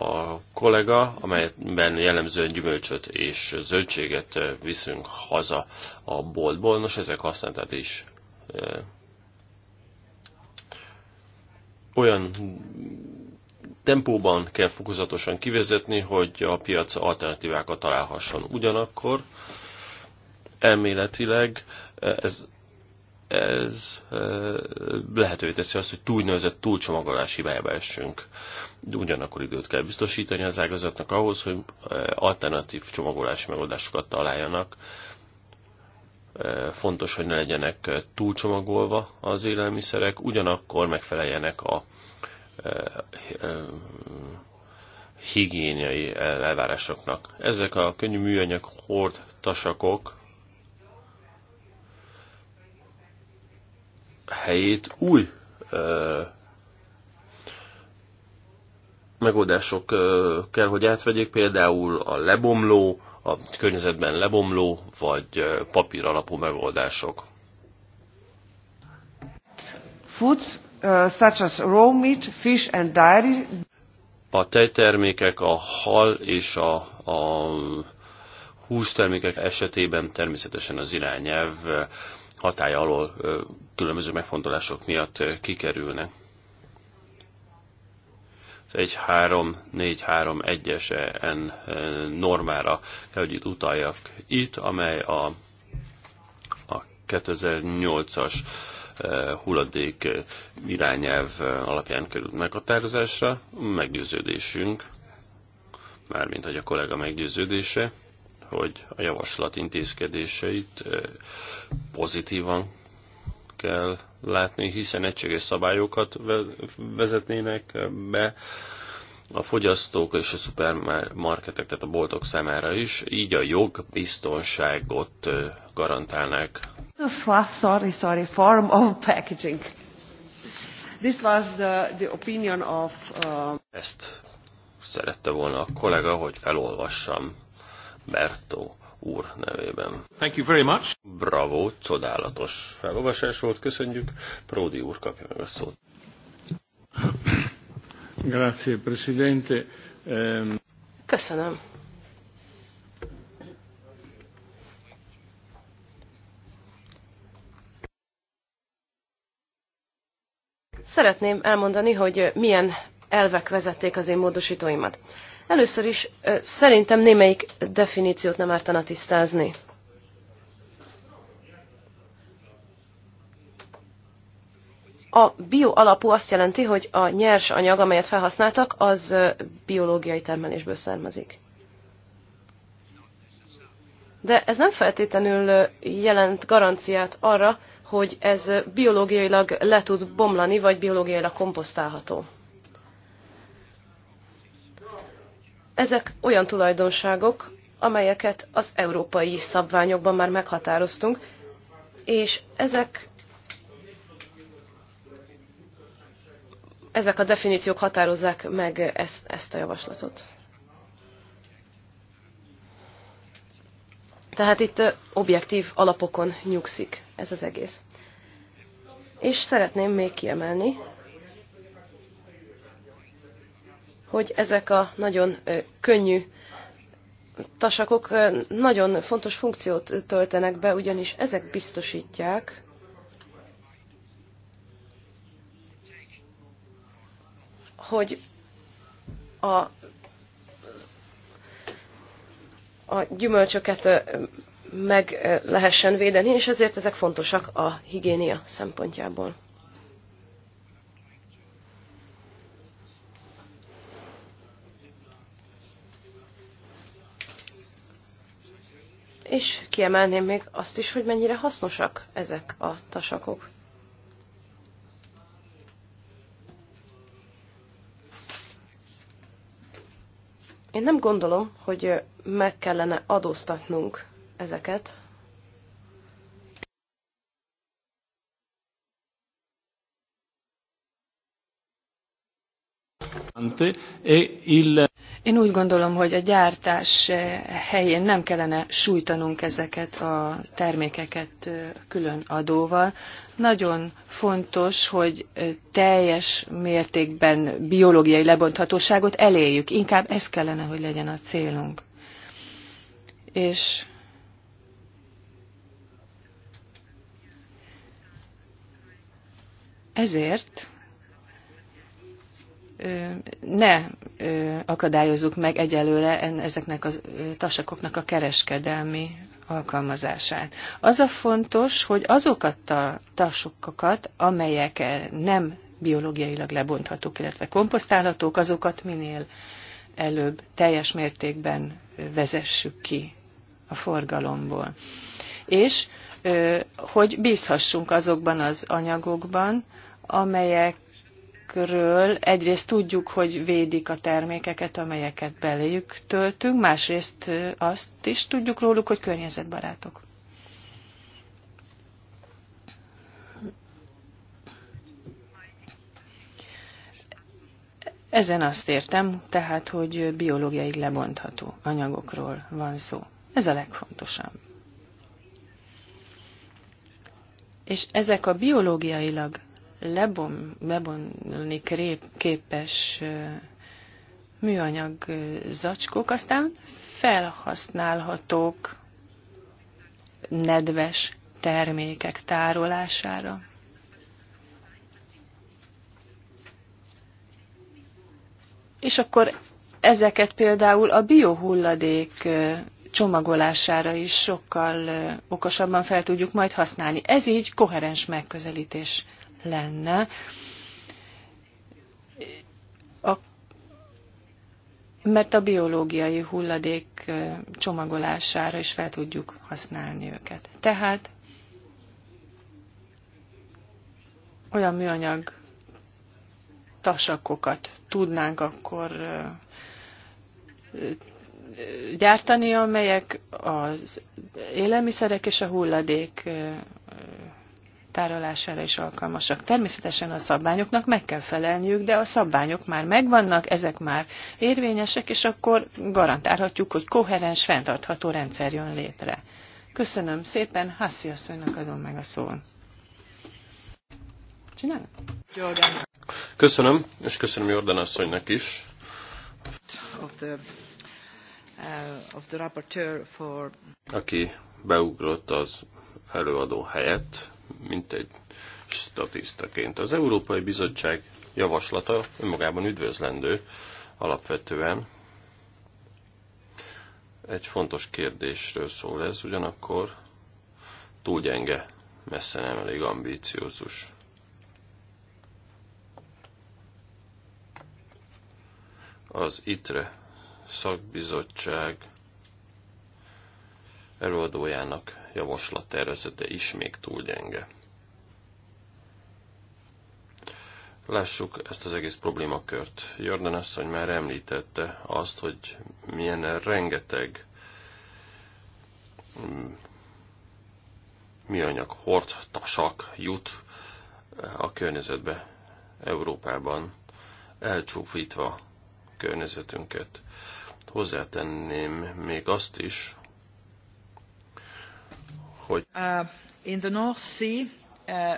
a kollega, amelyben jellemzően gyümölcsöt és zöldséget viszünk haza a boltból. Nos, ezek használatát is olyan tempóban kell fokozatosan kivezetni, hogy a piac alternatívákat találhasson. Ugyanakkor elméletileg ez, ez e, lehetővé teszi azt, hogy túlnevezett túlcsomagolás hibájába essünk. Ugyanakkor időt kell biztosítani az ágazatnak ahhoz, hogy e, alternatív csomagolási megoldásokat találjanak fontos, hogy ne legyenek túlcsomagolva az élelmiszerek, ugyanakkor megfeleljenek a higiéniai elvárásoknak. Ezek a könnyű műanyag hord tasakok helyét új ö, megoldások ö, kell, hogy átvegyék, például a lebomló a környezetben lebomló vagy papír alapú megoldások. Foods uh, such as raw meat, fish and dairy. A tejtermékek, a hal és a, a hústermékek esetében természetesen az irányelv hatája alól különböző megfontolások miatt kikerülnek egy 13431 es EN normára kell, hogy itt utaljak itt, amely a, a 2008-as e, hulladék irányelv alapján került meghatározásra. Meggyőződésünk, mármint hogy a kollega meggyőződése, hogy a javaslat intézkedéseit e, pozitívan kell látni, hiszen egységes szabályokat vezetnének be a fogyasztók és a szupermarketek, tehát a boltok számára is, így a jogbiztonságot garantálnák. Sorry, sorry, form of packaging. This was the, the opinion of... Uh... Ezt szerette volna a kollega, hogy felolvassam Bertó úr nevében. Thank you very much. Bravo, csodálatos felolvasás volt, köszönjük. Pródi úr kapja meg a szót. Grazie, Presidente. Ehm, Köszönöm. Szeretném elmondani, hogy milyen elvek vezették az én módosítóimat. Először is szerintem némelyik definíciót nem ártana tisztázni. A bio alapú azt jelenti, hogy a nyers anyag, amelyet felhasználtak, az biológiai termelésből származik. De ez nem feltétlenül jelent garanciát arra, hogy ez biológiailag le tud bomlani, vagy biológiailag komposztálható. Ezek olyan tulajdonságok, amelyeket az európai szabványokban már meghatároztunk, és ezek ezek a definíciók határozzák meg ezt, ezt a javaslatot. Tehát itt objektív alapokon nyugszik ez az egész. És szeretném még kiemelni, hogy ezek a nagyon könnyű tasakok nagyon fontos funkciót töltenek be, ugyanis ezek biztosítják, hogy a, a gyümölcsöket meg lehessen védeni, és ezért ezek fontosak a higiénia szempontjából. és kiemelném még azt is, hogy mennyire hasznosak ezek a tasakok. Én nem gondolom, hogy meg kellene adóztatnunk ezeket. E il én úgy gondolom, hogy a gyártás helyén nem kellene sújtanunk ezeket a termékeket külön adóval. Nagyon fontos, hogy teljes mértékben biológiai lebonthatóságot eléljük. Inkább ez kellene, hogy legyen a célunk. És ezért ne akadályozzuk meg egyelőre ezeknek a tasakoknak a kereskedelmi alkalmazását. Az a fontos, hogy azokat a tasokokat, amelyek nem biológiailag lebonthatók, illetve komposztálhatók, azokat minél előbb teljes mértékben vezessük ki a forgalomból. És hogy bízhassunk azokban az anyagokban, amelyek termékekről egyrészt tudjuk, hogy védik a termékeket, amelyeket beléjük töltünk, másrészt azt is tudjuk róluk, hogy környezetbarátok. Ezen azt értem, tehát, hogy biológiai lebontható anyagokról van szó. Ez a legfontosabb. És ezek a biológiailag lebom, lebomlani képes műanyag zacskók, aztán felhasználhatók nedves termékek tárolására. És akkor ezeket például a biohulladék csomagolására is sokkal okosabban fel tudjuk majd használni. Ez így koherens megközelítés lenne. A, mert a biológiai hulladék csomagolására is fel tudjuk használni őket. Tehát olyan műanyag tasakokat tudnánk akkor gyártani, amelyek az élelmiszerek és a hulladék tárolására is alkalmasak. Természetesen a szabványoknak meg kell felelniük, de a szabványok már megvannak, ezek már érvényesek, és akkor garantálhatjuk, hogy koherens, fenntartható rendszer jön létre. Köszönöm szépen, Hassi asszonynak adom meg a szót. Csinálom. Köszönöm, és köszönöm Jordan asszonynak is. Of the, uh, of the rapporteur for... Aki beugrott az előadó helyett, mint egy statisztaként. Az Európai Bizottság javaslata önmagában üdvözlendő alapvetően. Egy fontos kérdésről szól ez, ugyanakkor túl gyenge, messze nem elég ambíciózus. Az ITRE szakbizottság előadójának javaslat tervezete is még túl gyenge. Lássuk ezt az egész problémakört. Jordan asszony már említette azt, hogy milyen rengeteg műanyag mm, hordtasak jut eh, a környezetbe Európában, elcsúfítva környezetünket. Hozzátenném még azt is, hogy uh, uh,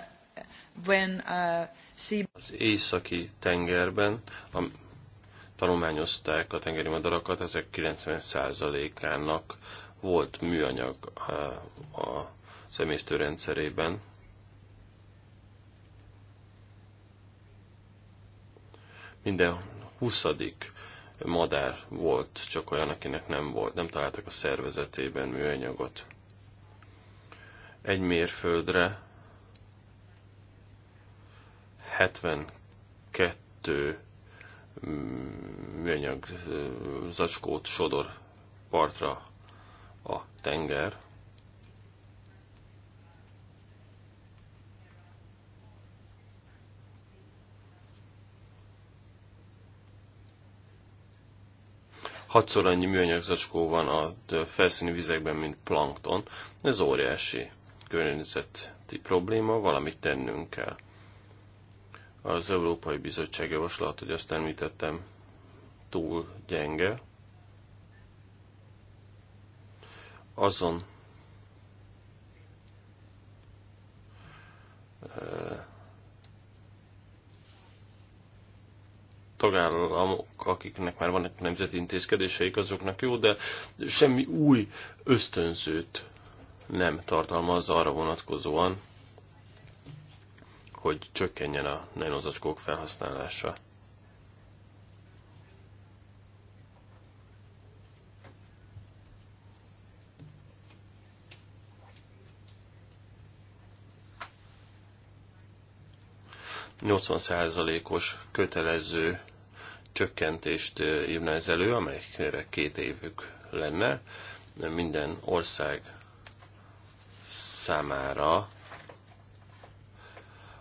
uh, az északi tengerben a, tanulmányozták a tengeri madarakat, ezek 90%-ának volt műanyag a, a szemésztőrendszerében, minden huszadik madár volt csak olyan, akinek nem volt, nem találtak a szervezetében műanyagot egy mérföldre 72 mm, műanyag zacskót sodor partra a tenger. Hatszor annyi műanyag zacskó van a felszíni vizekben, mint plankton. Ez óriási környezeti probléma, valamit tennünk kell. Az Európai Bizottság javaslat, hogy azt említettem, túl gyenge. Azon eh, tagállamok, akiknek már vannak nemzeti intézkedéseik, azoknak jó, de semmi új ösztönzőt nem tartalmaz arra vonatkozóan, hogy csökkenjen a nejlonzacskók felhasználása. os kötelező csökkentést eh, írna ez elő, amelyekre két évük lenne. Minden ország számára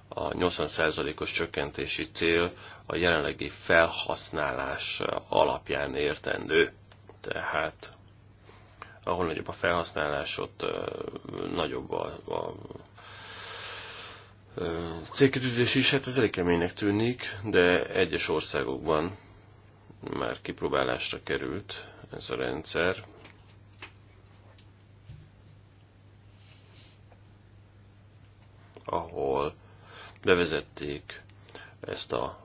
a 80%-os csökkentési cél a jelenlegi felhasználás alapján értendő. Tehát ahol nagyobb a felhasználás, ott nagyobb a, a célkitűzés is, hát ez elég keménynek tűnik, de egyes országokban már kipróbálásra került ez a rendszer, ahol bevezették ezt a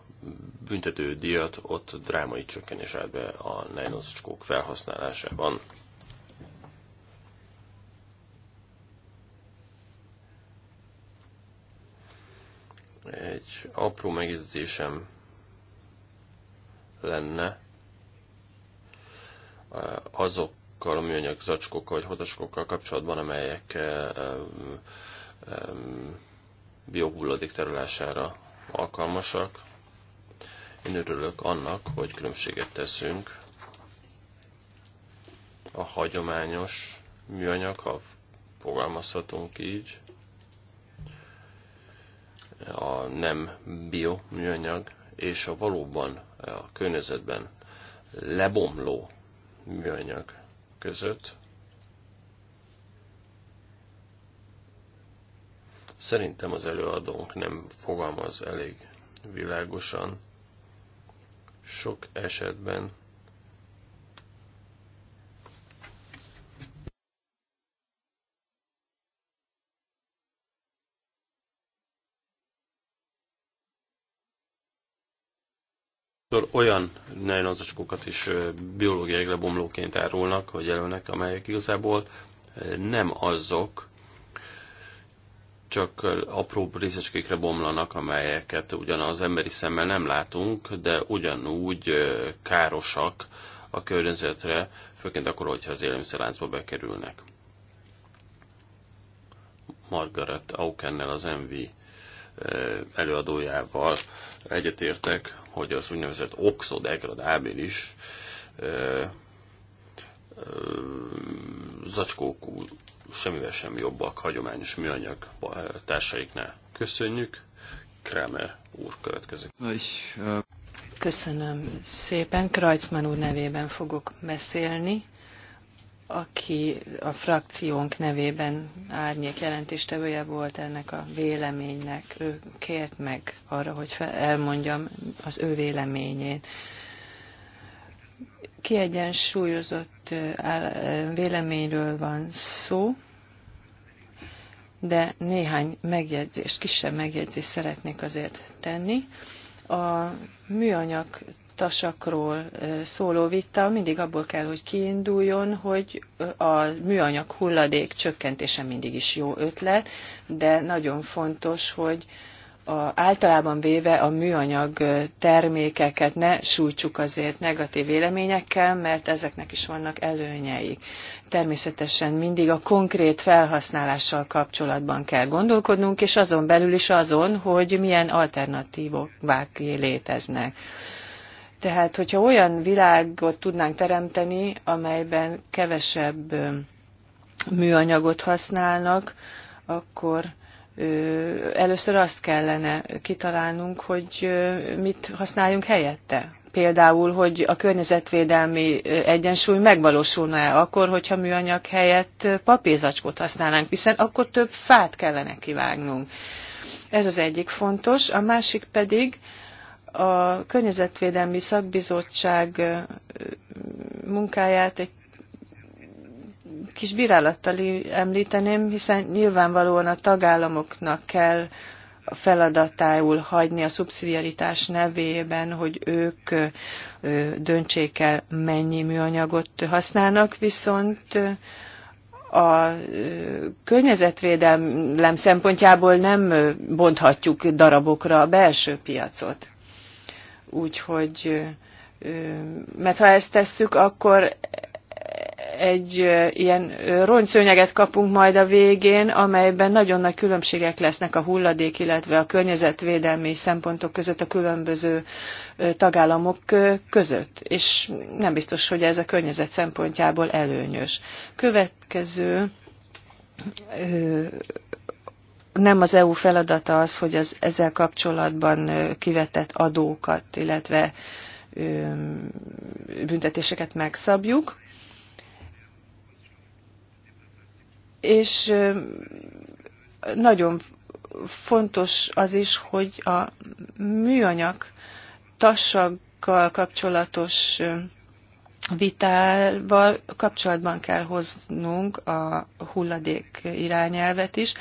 büntető díjat, ott drámai csökkenés állt be a nejlonzacskók felhasználásában. Egy apró megjegyzésem lenne e, azokkal a műanyag zacskókkal vagy hodacskókkal kapcsolatban, amelyek e, e, biohulladék terülására alkalmasak. Én örülök annak, hogy különbséget teszünk a hagyományos műanyag, ha fogalmazhatunk így, a nem bio műanyag, és a valóban a környezetben lebomló műanyag között Szerintem az előadónk nem fogalmaz elég világosan. Sok esetben olyan nejlonzacskókat is biológiai lebomlóként árulnak, vagy jelölnek, amelyek igazából nem azok, csak apró részecskékre bomlanak, amelyeket ugyanaz emberi szemmel nem látunk, de ugyanúgy károsak a környezetre, főként akkor, hogyha az élelmiszerláncba bekerülnek. Margaret Aukennel az MV előadójával egyetértek, hogy az úgynevezett oxodegradábilis zacskókú semmivel sem jobbak hagyományos műanyag társaiknál. Köszönjük, Kreme úr következik. Köszönöm szépen, Krajcman úr nevében fogok beszélni aki a frakciónk nevében árnyék jelentéstevője volt ennek a véleménynek. Ő kért meg arra, hogy elmondjam az ő véleményét kiegyensúlyozott véleményről van szó, de néhány megjegyzést, kisebb megjegyzést szeretnék azért tenni. A műanyag tasakról szóló vita mindig abból kell, hogy kiinduljon, hogy a műanyag hulladék csökkentése mindig is jó ötlet, de nagyon fontos, hogy a, általában véve a műanyag termékeket ne sújtsuk azért negatív véleményekkel, mert ezeknek is vannak előnyei. Természetesen mindig a konkrét felhasználással kapcsolatban kell gondolkodnunk, és azon belül is azon, hogy milyen alternatívok léteznek. Tehát, hogyha olyan világot tudnánk teremteni, amelyben kevesebb műanyagot használnak, akkor először azt kellene kitalálnunk, hogy mit használjunk helyette. Például, hogy a környezetvédelmi egyensúly megvalósulna-e akkor, hogyha műanyag helyett papírzacskót használnánk, hiszen akkor több fát kellene kivágnunk. Ez az egyik fontos. A másik pedig, a Környezetvédelmi Szakbizottság munkáját egy kis bírálattal említeném, hiszen nyilvánvalóan a tagállamoknak kell a feladatául hagyni a szubszidiaritás nevében, hogy ők döntsék el, mennyi műanyagot használnak, viszont a környezetvédelem szempontjából nem bonthatjuk darabokra a belső piacot. Úgyhogy, mert ha ezt tesszük, akkor egy ilyen rongyszőnyeget kapunk majd a végén, amelyben nagyon nagy különbségek lesznek a hulladék, illetve a környezetvédelmi szempontok között a különböző tagállamok között, és nem biztos, hogy ez a környezet szempontjából előnyös. Következő nem az EU feladata az, hogy az ezzel kapcsolatban kivetett adókat, illetve büntetéseket megszabjuk. és nagyon fontos az is, hogy a műanyag tassaggal kapcsolatos vitával kapcsolatban kell hoznunk a hulladék irányelvet is.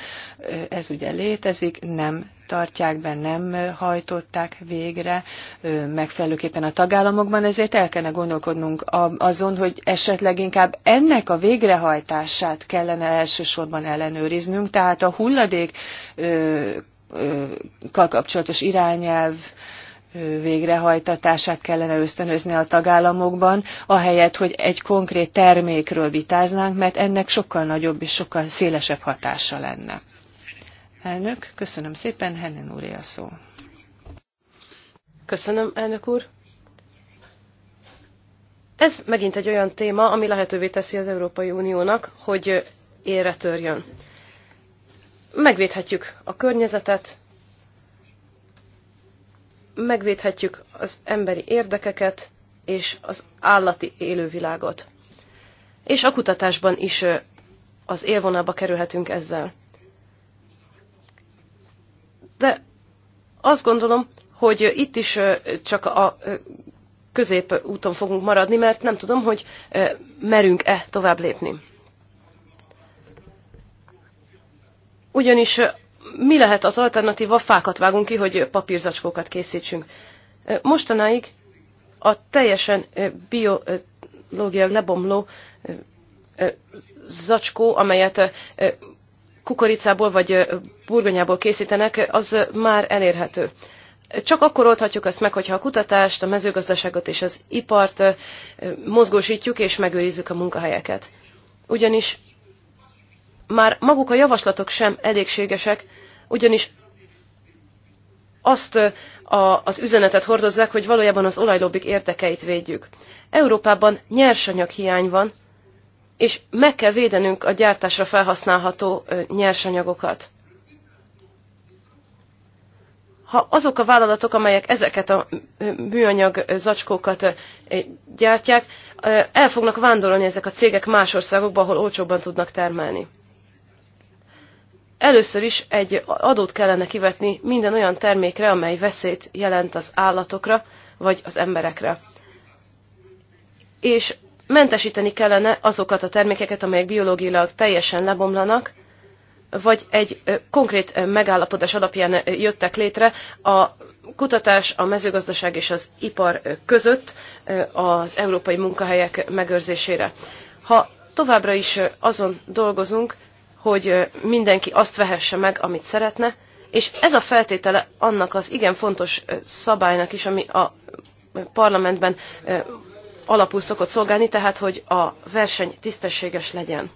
Ez ugye létezik, nem tartják be, nem hajtották végre megfelelőképpen a tagállamokban, ezért el kellene gondolkodnunk azon, hogy esetleg inkább ennek a végrehajtását kellene elsősorban ellenőriznünk, tehát a hulladék kapcsolatos irányelv végrehajtatását kellene ösztönözni a tagállamokban, ahelyett, hogy egy konkrét termékről vitáznánk, mert ennek sokkal nagyobb és sokkal szélesebb hatása lenne. Elnök, köszönöm szépen, Hennen úré a szó. Köszönöm, elnök úr. Ez megint egy olyan téma, ami lehetővé teszi az Európai Uniónak, hogy érre törjön. Megvédhetjük a környezetet, megvédhetjük az emberi érdekeket és az állati élővilágot. És a kutatásban is az élvonalba kerülhetünk ezzel. De azt gondolom, hogy itt is csak a középúton fogunk maradni, mert nem tudom, hogy merünk-e tovább lépni. Ugyanis mi lehet az alternatíva, fákat vágunk ki, hogy papírzacskókat készítsünk. Mostanáig a teljesen biológiai lebomló zacskó, amelyet kukoricából vagy burgonyából készítenek, az már elérhető. Csak akkor oldhatjuk ezt meg, hogyha a kutatást, a mezőgazdaságot és az ipart mozgósítjuk és megőrizzük a munkahelyeket. Ugyanis már maguk a javaslatok sem elégségesek, ugyanis azt a, az üzenetet hordozzák, hogy valójában az olajlobbik érdekeit védjük. Európában nyersanyag hiány van, és meg kell védenünk a gyártásra felhasználható nyersanyagokat. Ha azok a vállalatok, amelyek ezeket a műanyag zacskókat gyártják, el fognak vándorolni ezek a cégek más országokba, ahol olcsóbban tudnak termelni. Először is egy adót kellene kivetni minden olyan termékre, amely veszélyt jelent az állatokra vagy az emberekre. És mentesíteni kellene azokat a termékeket, amelyek biológilag teljesen lebomlanak, vagy egy konkrét megállapodás alapján jöttek létre a kutatás, a mezőgazdaság és az ipar között az európai munkahelyek megőrzésére. Ha továbbra is azon dolgozunk, hogy mindenki azt vehesse meg, amit szeretne, és ez a feltétele annak az igen fontos szabálynak is, ami a parlamentben alapul szokott szolgálni, tehát hogy a verseny tisztességes legyen.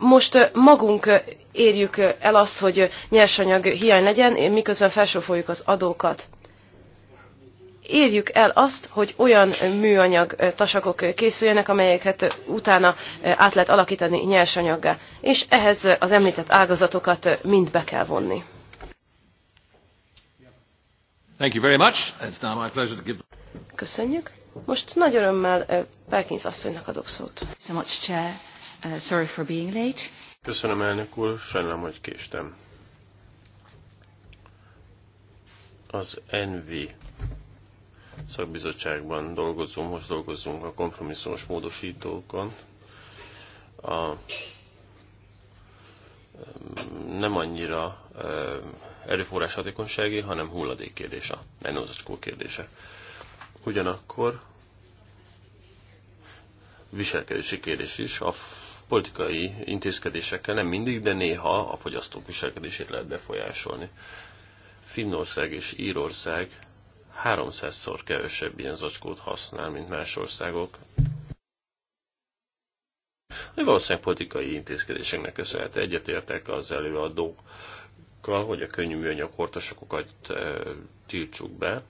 Most magunk érjük el azt, hogy nyersanyag hiány legyen, miközben felsoroljuk az adókat érjük el azt, hogy olyan műanyag tasakok készüljenek, amelyeket utána át lehet alakítani nyersanyaggá. És ehhez az említett ágazatokat mind be kell vonni. Thank you very much. It's now my pleasure to give... Köszönjük. Most nagy örömmel Perkins asszonynak adok szót. So much, Chair. Uh, sorry for being late. Köszönöm, elnök úr. Sajnálom, hogy késtem. Az Envi szakbizottságban dolgozunk, most dolgozunk a kompromisszumos módosítókon. A nem annyira erőforrás hatékonysági, hanem hulladék kérdése, ennózacskó kérdése. Ugyanakkor viselkedési kérdés is, a politikai intézkedésekkel nem mindig, de néha a fogyasztók viselkedését lehet befolyásolni. Finnország és Írország háromszázszor kevesebb ilyen zacskót használ, mint más országok. Hogy valószínűleg politikai intézkedéseknek köszönhető egyetértek az előadókkal, hogy a könnyű műanyag hortosokokat e, tiltsuk be,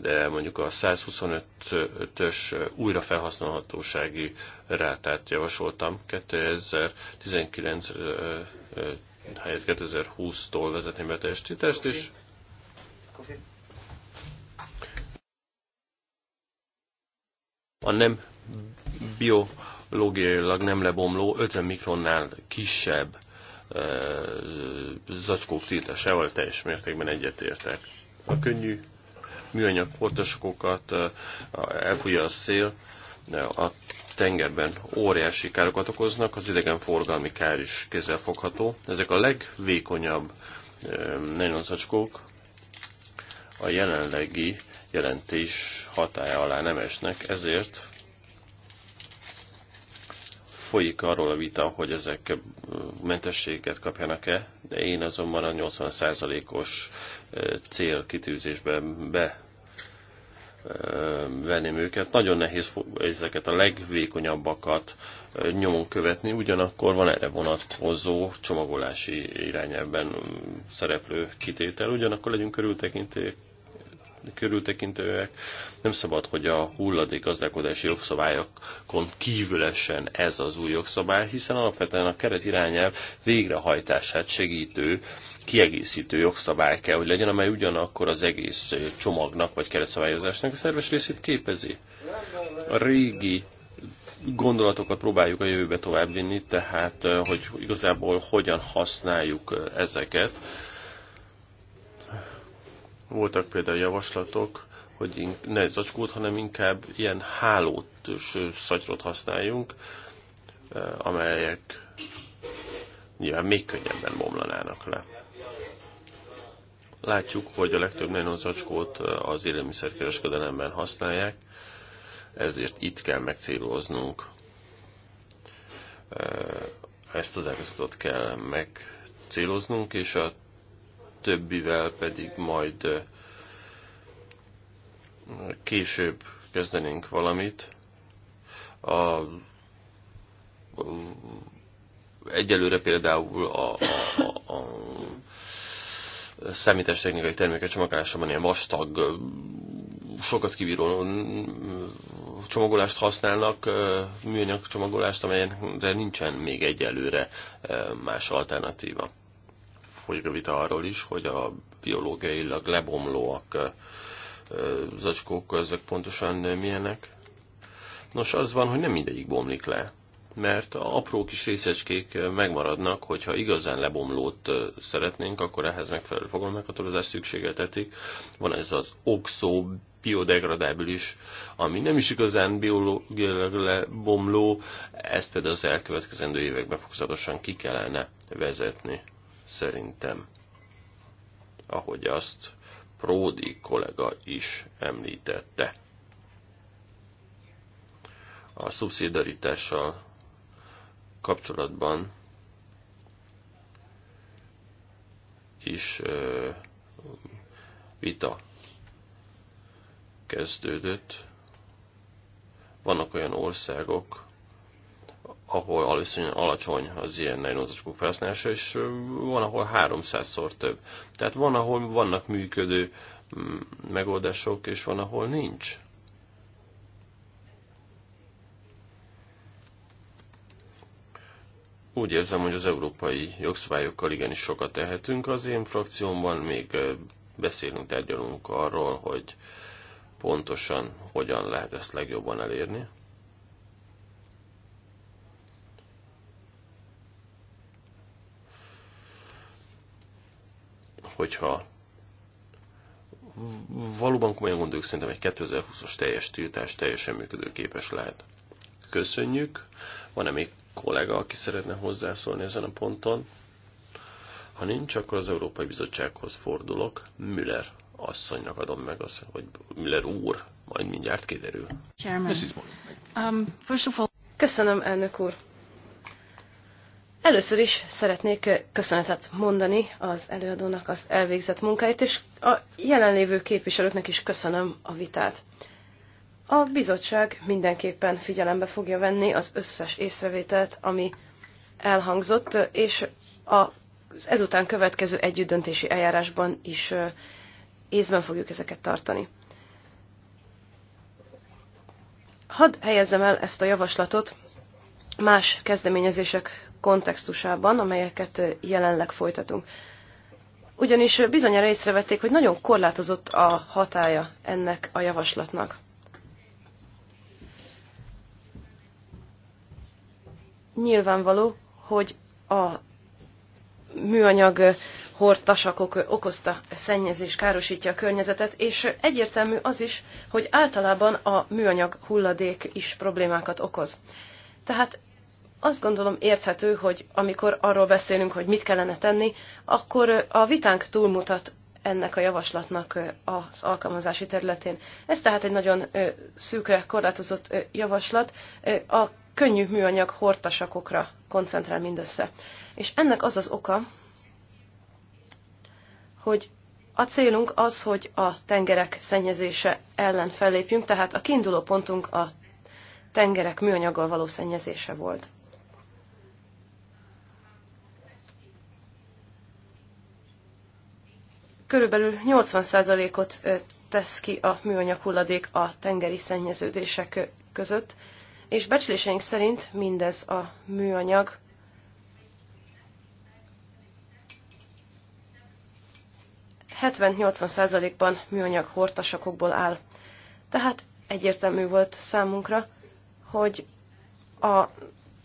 de mondjuk a 125-ös újrafelhasználhatósági rátát javasoltam 2019 e, e, helyett 2020-tól vezetni be a teljesítést, és a nem biológiailag nem lebomló 50 mikronnál kisebb zacskók tiltásával teljes mértékben egyetértek. A könnyű műanyag portasokokat elfújja a szél, a tengerben óriási károkat okoznak, az idegenforgalmi kár is kézzelfogható. Ezek a legvékonyabb nagyon zacskók, a jelenlegi jelentés hatája alá nem esnek, ezért folyik arról a vita, hogy ezek mentességet kapjanak-e, de én azonban a 80%-os célkitűzésben be venném őket. Nagyon nehéz ezeket a legvékonyabbakat nyomon követni, ugyanakkor van erre vonatkozó csomagolási irányában szereplő kitétel, ugyanakkor legyünk körültekintők, körültekintőek. Nem szabad, hogy a hulladék gazdálkodási jogszabályokon kívül essen ez az új jogszabály, hiszen alapvetően a keret irányelv végrehajtását segítő kiegészítő jogszabály kell, hogy legyen, amely ugyanakkor az egész eh, csomagnak vagy keretszabályozásnak a szerves részét képezi. A régi gondolatokat próbáljuk a jövőbe továbbvinni, tehát eh, hogy igazából hogyan használjuk eh, ezeket voltak például javaslatok, hogy ne zacskót, hanem inkább ilyen hálót, szagyrot használjunk, amelyek nyilván még könnyebben bomlanának le. Látjuk, hogy a legtöbb nylon zacskót az élelmiszerkereskedelemben használják, ezért itt kell megcéloznunk ezt az ágazatot kell megcéloznunk, és a többivel pedig majd később kezdenénk valamit. A, egyelőre például a, a, a, a technikai termékek csomagolásában ilyen vastag, sokat kibíró csomagolást használnak, műanyag csomagolást, amelyen nincsen még egyelőre más alternatíva folyik a vita arról is, hogy a biológiailag lebomlóak zacskók, ezek pontosan milyenek. Nos, az van, hogy nem mindegyik bomlik le, mert a apró kis részecskék megmaradnak, hogyha igazán lebomlót szeretnénk, akkor ehhez megfelelő fogalmeghatározás szükségeltetik. Van ez az oxo biodegradábilis, ami nem is igazán biológiailag lebomló, ezt pedig az elkövetkezendő években fokozatosan ki kellene vezetni szerintem, ahogy azt Pródi kollega is említette. A szubszidaritással kapcsolatban is vita kezdődött. Vannak olyan országok, ahol alacsony, alacsony az ilyen nejlonzacskók felhasználása, és van, ahol 300-szor több. Tehát van, ahol vannak működő mm, megoldások, és van, ahol nincs. Úgy érzem, hogy az európai jogszabályokkal igenis sokat tehetünk. Az én frakciómban még beszélünk, tárgyalunk arról, hogy pontosan hogyan lehet ezt legjobban elérni. hogyha valóban komolyan gondoljuk, szerintem egy 2020-as teljes tiltás teljesen működőképes lehet. Köszönjük. Van-e még kollega, aki szeretne hozzászólni ezen a ponton? Ha nincs, akkor az Európai Bizottsághoz fordulok. Müller asszonynak adom meg azt, hogy Müller úr, majd mindjárt kiderül. Um, first of all... Köszönöm, elnök úr. Először is szeretnék köszönetet mondani az előadónak az elvégzett munkáit, és a jelenlévő képviselőknek is köszönöm a vitát. A bizottság mindenképpen figyelembe fogja venni az összes észrevételt, ami elhangzott, és az ezután következő együttdöntési eljárásban is észben fogjuk ezeket tartani. Hadd helyezzem el ezt a javaslatot más kezdeményezések kontextusában, amelyeket jelenleg folytatunk. Ugyanis bizonyára észrevették, hogy nagyon korlátozott a hatája ennek a javaslatnak. Nyilvánvaló, hogy a műanyag hortasakok okozta szennyezés károsítja a környezetet, és egyértelmű az is, hogy általában a műanyag hulladék is problémákat okoz. Tehát azt gondolom érthető, hogy amikor arról beszélünk, hogy mit kellene tenni, akkor a vitánk túlmutat ennek a javaslatnak az alkalmazási területén. Ez tehát egy nagyon szűkre korlátozott javaslat. A könnyű műanyag hortasakokra koncentrál mindössze. És ennek az az oka, hogy a célunk az, hogy a tengerek szennyezése ellen fellépjünk, tehát a kiinduló pontunk a tengerek műanyaggal való szennyezése volt. körülbelül 80%-ot tesz ki a műanyag hulladék a tengeri szennyeződések között, és becsléseink szerint mindez a műanyag 78 80 ban műanyag hortasakokból áll. Tehát egyértelmű volt számunkra, hogy a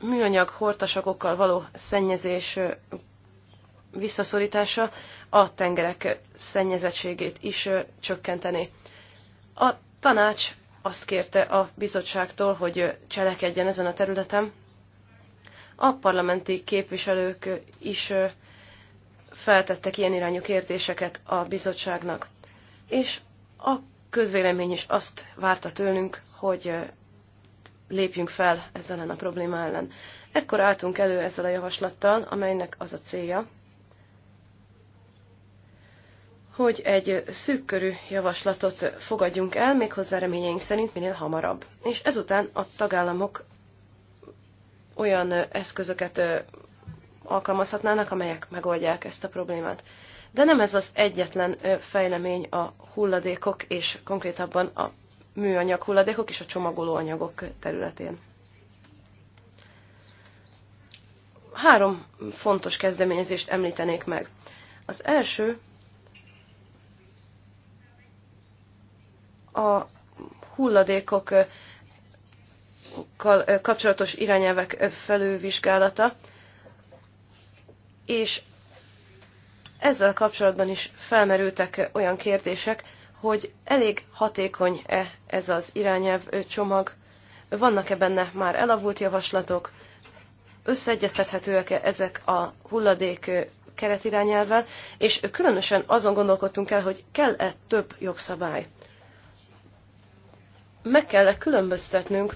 műanyag hortasakokkal való szennyezés visszaszorítása a tengerek szennyezettségét is csökkenteni. A tanács azt kérte a bizottságtól, hogy cselekedjen ezen a területen. A parlamenti képviselők is feltettek ilyen irányú kérdéseket a bizottságnak. És a közvélemény is azt várta tőlünk, hogy lépjünk fel ezzel a probléma ellen. Ekkor álltunk elő ezzel a javaslattal, amelynek az a célja, hogy egy szűkkörű javaslatot fogadjunk el, méghozzá reményeink szerint minél hamarabb. És ezután a tagállamok olyan eszközöket alkalmazhatnának, amelyek megoldják ezt a problémát. De nem ez az egyetlen fejlemény a hulladékok, és konkrétabban a műanyag hulladékok és a csomagolóanyagok területén. Három fontos kezdeményezést említenék meg. Az első a hulladékokkal kapcsolatos irányelvek felülvizsgálata, és ezzel kapcsolatban is felmerültek olyan kérdések, hogy elég hatékony-e ez az irányelv csomag, vannak-e benne már elavult javaslatok, összeegyeztethetőek-e ezek a hulladék keretirányelvvel, és különösen azon gondolkodtunk el, hogy kell-e több jogszabály meg kell különböztetnünk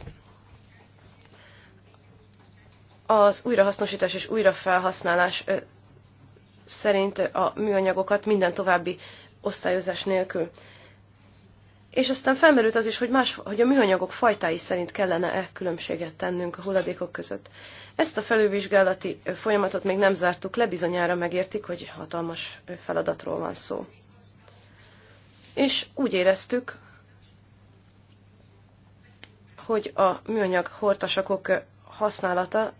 az újrahasznosítás és újrafelhasználás szerint a műanyagokat minden további osztályozás nélkül. És aztán felmerült az is, hogy, más, hogy a műanyagok fajtái szerint kellene-e különbséget tennünk a hulladékok között. Ezt a felülvizsgálati folyamatot még nem zártuk le, bizonyára megértik, hogy hatalmas feladatról van szó. És úgy éreztük, hogy a műanyag hortasakok használata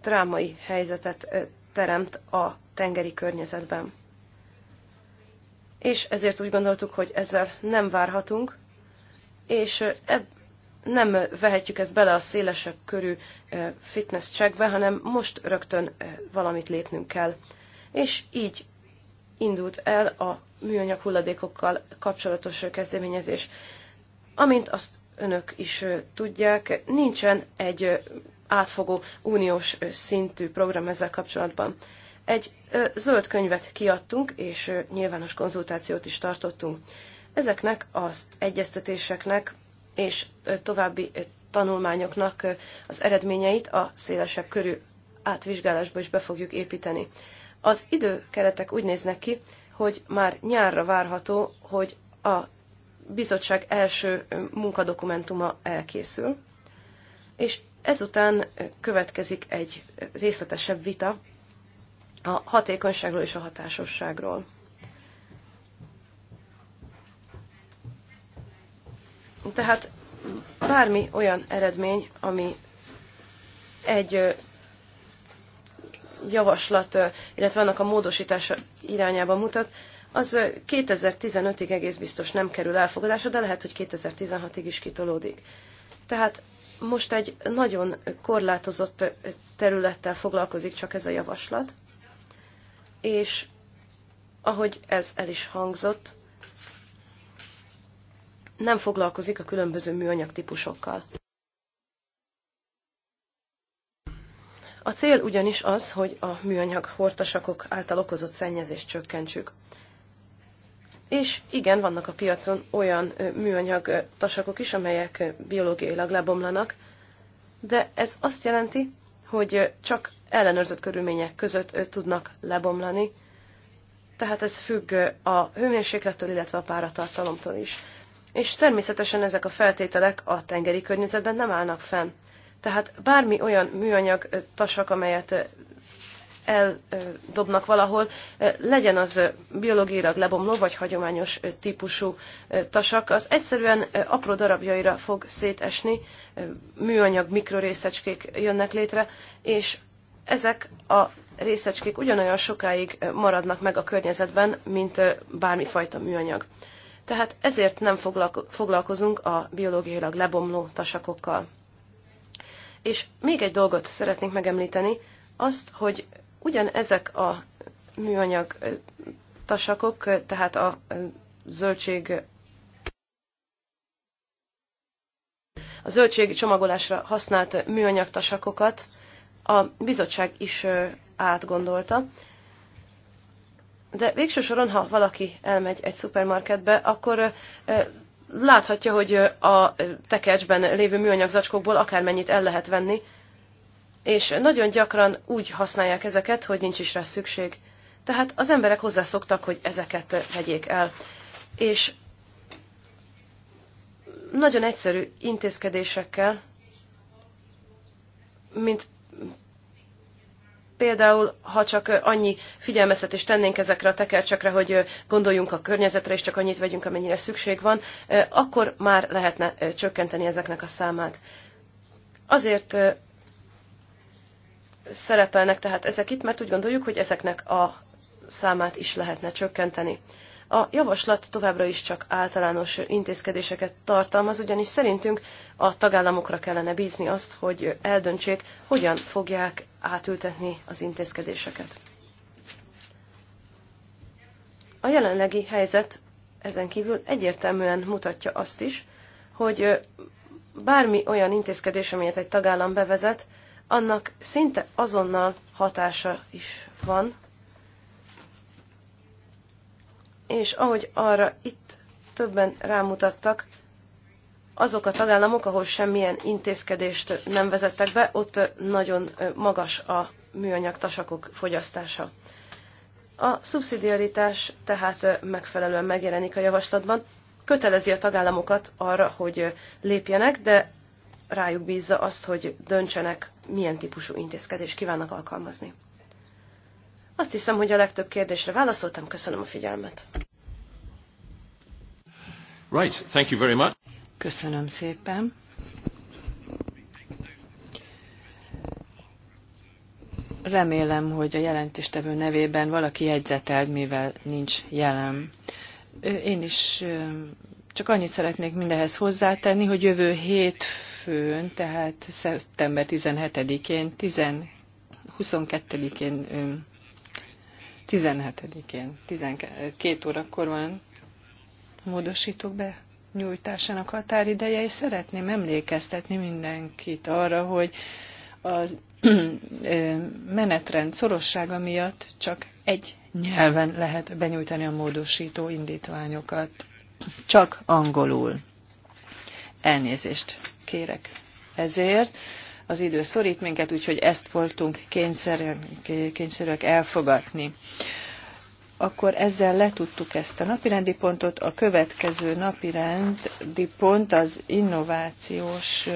drámai helyzetet teremt a tengeri környezetben. És ezért úgy gondoltuk, hogy ezzel nem várhatunk, és eb- nem vehetjük ezt bele a szélesebb körű fitness checkbe, hanem most rögtön valamit lépnünk kell. És így indult el a műanyag hulladékokkal kapcsolatos kezdeményezés. Amint azt önök is tudják, nincsen egy átfogó uniós szintű program ezzel kapcsolatban. Egy zöld könyvet kiadtunk, és nyilvános konzultációt is tartottunk. Ezeknek az egyeztetéseknek és további tanulmányoknak az eredményeit a szélesebb körű átvizsgálásba is be fogjuk építeni. Az időkeretek úgy néznek ki, hogy már nyárra várható, hogy a bizottság első munkadokumentuma elkészül, és ezután következik egy részletesebb vita a hatékonyságról és a hatásosságról. Tehát bármi olyan eredmény, ami egy javaslat, illetve annak a módosítása irányába mutat, az 2015-ig egész biztos nem kerül elfogadásra, de lehet, hogy 2016-ig is kitolódik. Tehát most egy nagyon korlátozott területtel foglalkozik csak ez a javaslat, és ahogy ez el is hangzott, nem foglalkozik a különböző műanyag típusokkal. A cél ugyanis az, hogy a műanyag hortasakok által okozott szennyezést csökkentsük és igen, vannak a piacon olyan műanyag tasakok is, amelyek biológiailag lebomlanak, de ez azt jelenti, hogy csak ellenőrzött körülmények között tudnak lebomlani, tehát ez függ a hőmérséklettől, illetve a páratartalomtól is. És természetesen ezek a feltételek a tengeri környezetben nem állnak fenn. Tehát bármi olyan műanyag tasak, amelyet eldobnak valahol, legyen az biológiailag lebomló vagy hagyományos típusú tasak, az egyszerűen apró darabjaira fog szétesni, műanyag mikrorészecskék jönnek létre, és ezek a részecskék ugyanolyan sokáig maradnak meg a környezetben, mint bármifajta műanyag. Tehát ezért nem foglalkozunk a biológiailag lebomló tasakokkal. És még egy dolgot szeretnék megemlíteni, azt, hogy Ugyan ezek a műanyag tasakok, tehát a zöldség a zöldség csomagolásra használt műanyag tasakokat a bizottság is átgondolta. De végső soron, ha valaki elmegy egy szupermarketbe, akkor láthatja, hogy a tekercsben lévő műanyag zacskókból akármennyit el lehet venni, és nagyon gyakran úgy használják ezeket, hogy nincs is rá szükség. Tehát az emberek hozzászoktak, hogy ezeket vegyék el. És nagyon egyszerű intézkedésekkel, mint például, ha csak annyi figyelmeztetést tennénk ezekre a tekercsekre, hogy gondoljunk a környezetre, és csak annyit vegyünk, amennyire szükség van, akkor már lehetne csökkenteni ezeknek a számát. Azért szerepelnek tehát ezek itt, mert úgy gondoljuk, hogy ezeknek a számát is lehetne csökkenteni. A javaslat továbbra is csak általános intézkedéseket tartalmaz, ugyanis szerintünk a tagállamokra kellene bízni azt, hogy eldöntsék, hogyan fogják átültetni az intézkedéseket. A jelenlegi helyzet ezen kívül egyértelműen mutatja azt is, hogy bármi olyan intézkedés, amelyet egy tagállam bevezet, annak szinte azonnal hatása is van. És ahogy arra itt többen rámutattak, azok a tagállamok, ahol semmilyen intézkedést nem vezettek be, ott nagyon magas a műanyag tasakok fogyasztása. A szubszidiaritás tehát megfelelően megjelenik a javaslatban, kötelezi a tagállamokat arra, hogy lépjenek, de rájuk bízza azt, hogy döntsenek, milyen típusú intézkedést kívánnak alkalmazni. Azt hiszem, hogy a legtöbb kérdésre válaszoltam. Köszönöm a figyelmet. Right, thank you very much. Köszönöm szépen. Remélem, hogy a jelentéstevő nevében valaki jegyzetel, mivel nincs jelen. Én is csak annyit szeretnék mindehez hozzátenni, hogy jövő hétfőn, tehát szeptember 17-én, 22-én, 17-én, 12 órakor van módosítók be nyújtásának határideje, és szeretném emlékeztetni mindenkit arra, hogy a menetrend szorossága miatt csak egy nyelven lehet benyújtani a módosító indítványokat csak angolul. Elnézést kérek ezért. Az idő szorít minket, úgyhogy ezt voltunk kényszerűek, elfogadni. Akkor ezzel letudtuk ezt a napirendi pontot. A következő napirendi pont az innovációs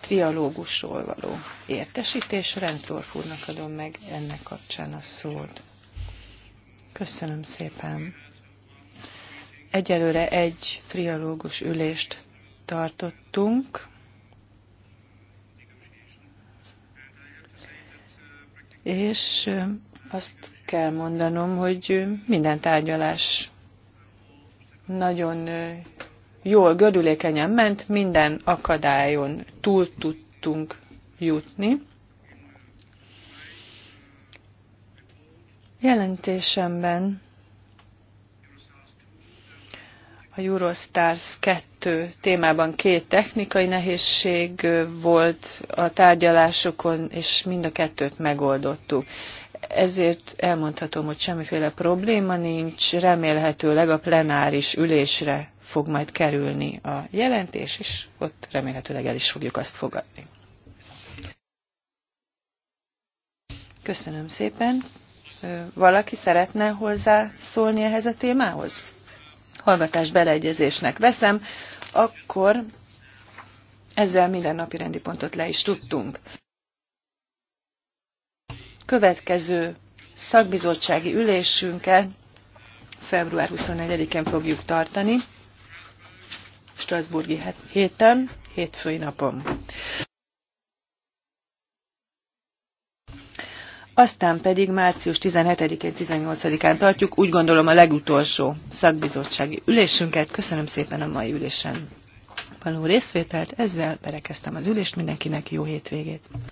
trialógusról való értesítés. Rendtorf úrnak adom meg ennek kapcsán a szót. Köszönöm szépen. Egyelőre egy trialógus ülést tartottunk, és azt kell mondanom, hogy minden tárgyalás nagyon jól, gördülékenyen ment, minden akadályon túl tudtunk jutni. Jelentésemben a Eurostars 2 témában két technikai nehézség volt a tárgyalásokon, és mind a kettőt megoldottuk. Ezért elmondhatom, hogy semmiféle probléma nincs, remélhetőleg a plenáris ülésre fog majd kerülni a jelentés, és ott remélhetőleg el is fogjuk azt fogadni. Köszönöm szépen. Valaki szeretne hozzá szólni ehhez a témához? hallgatás beleegyezésnek veszem, akkor ezzel minden napi rendi pontot le is tudtunk. Következő szakbizottsági ülésünket február 24-én fogjuk tartani, Strasburgi héten, hétfői napon. aztán pedig március 17-én, 18-án tartjuk, úgy gondolom a legutolsó szakbizottsági ülésünket. Köszönöm szépen a mai ülésen való részvételt, ezzel berekeztem az ülést, mindenkinek jó hétvégét!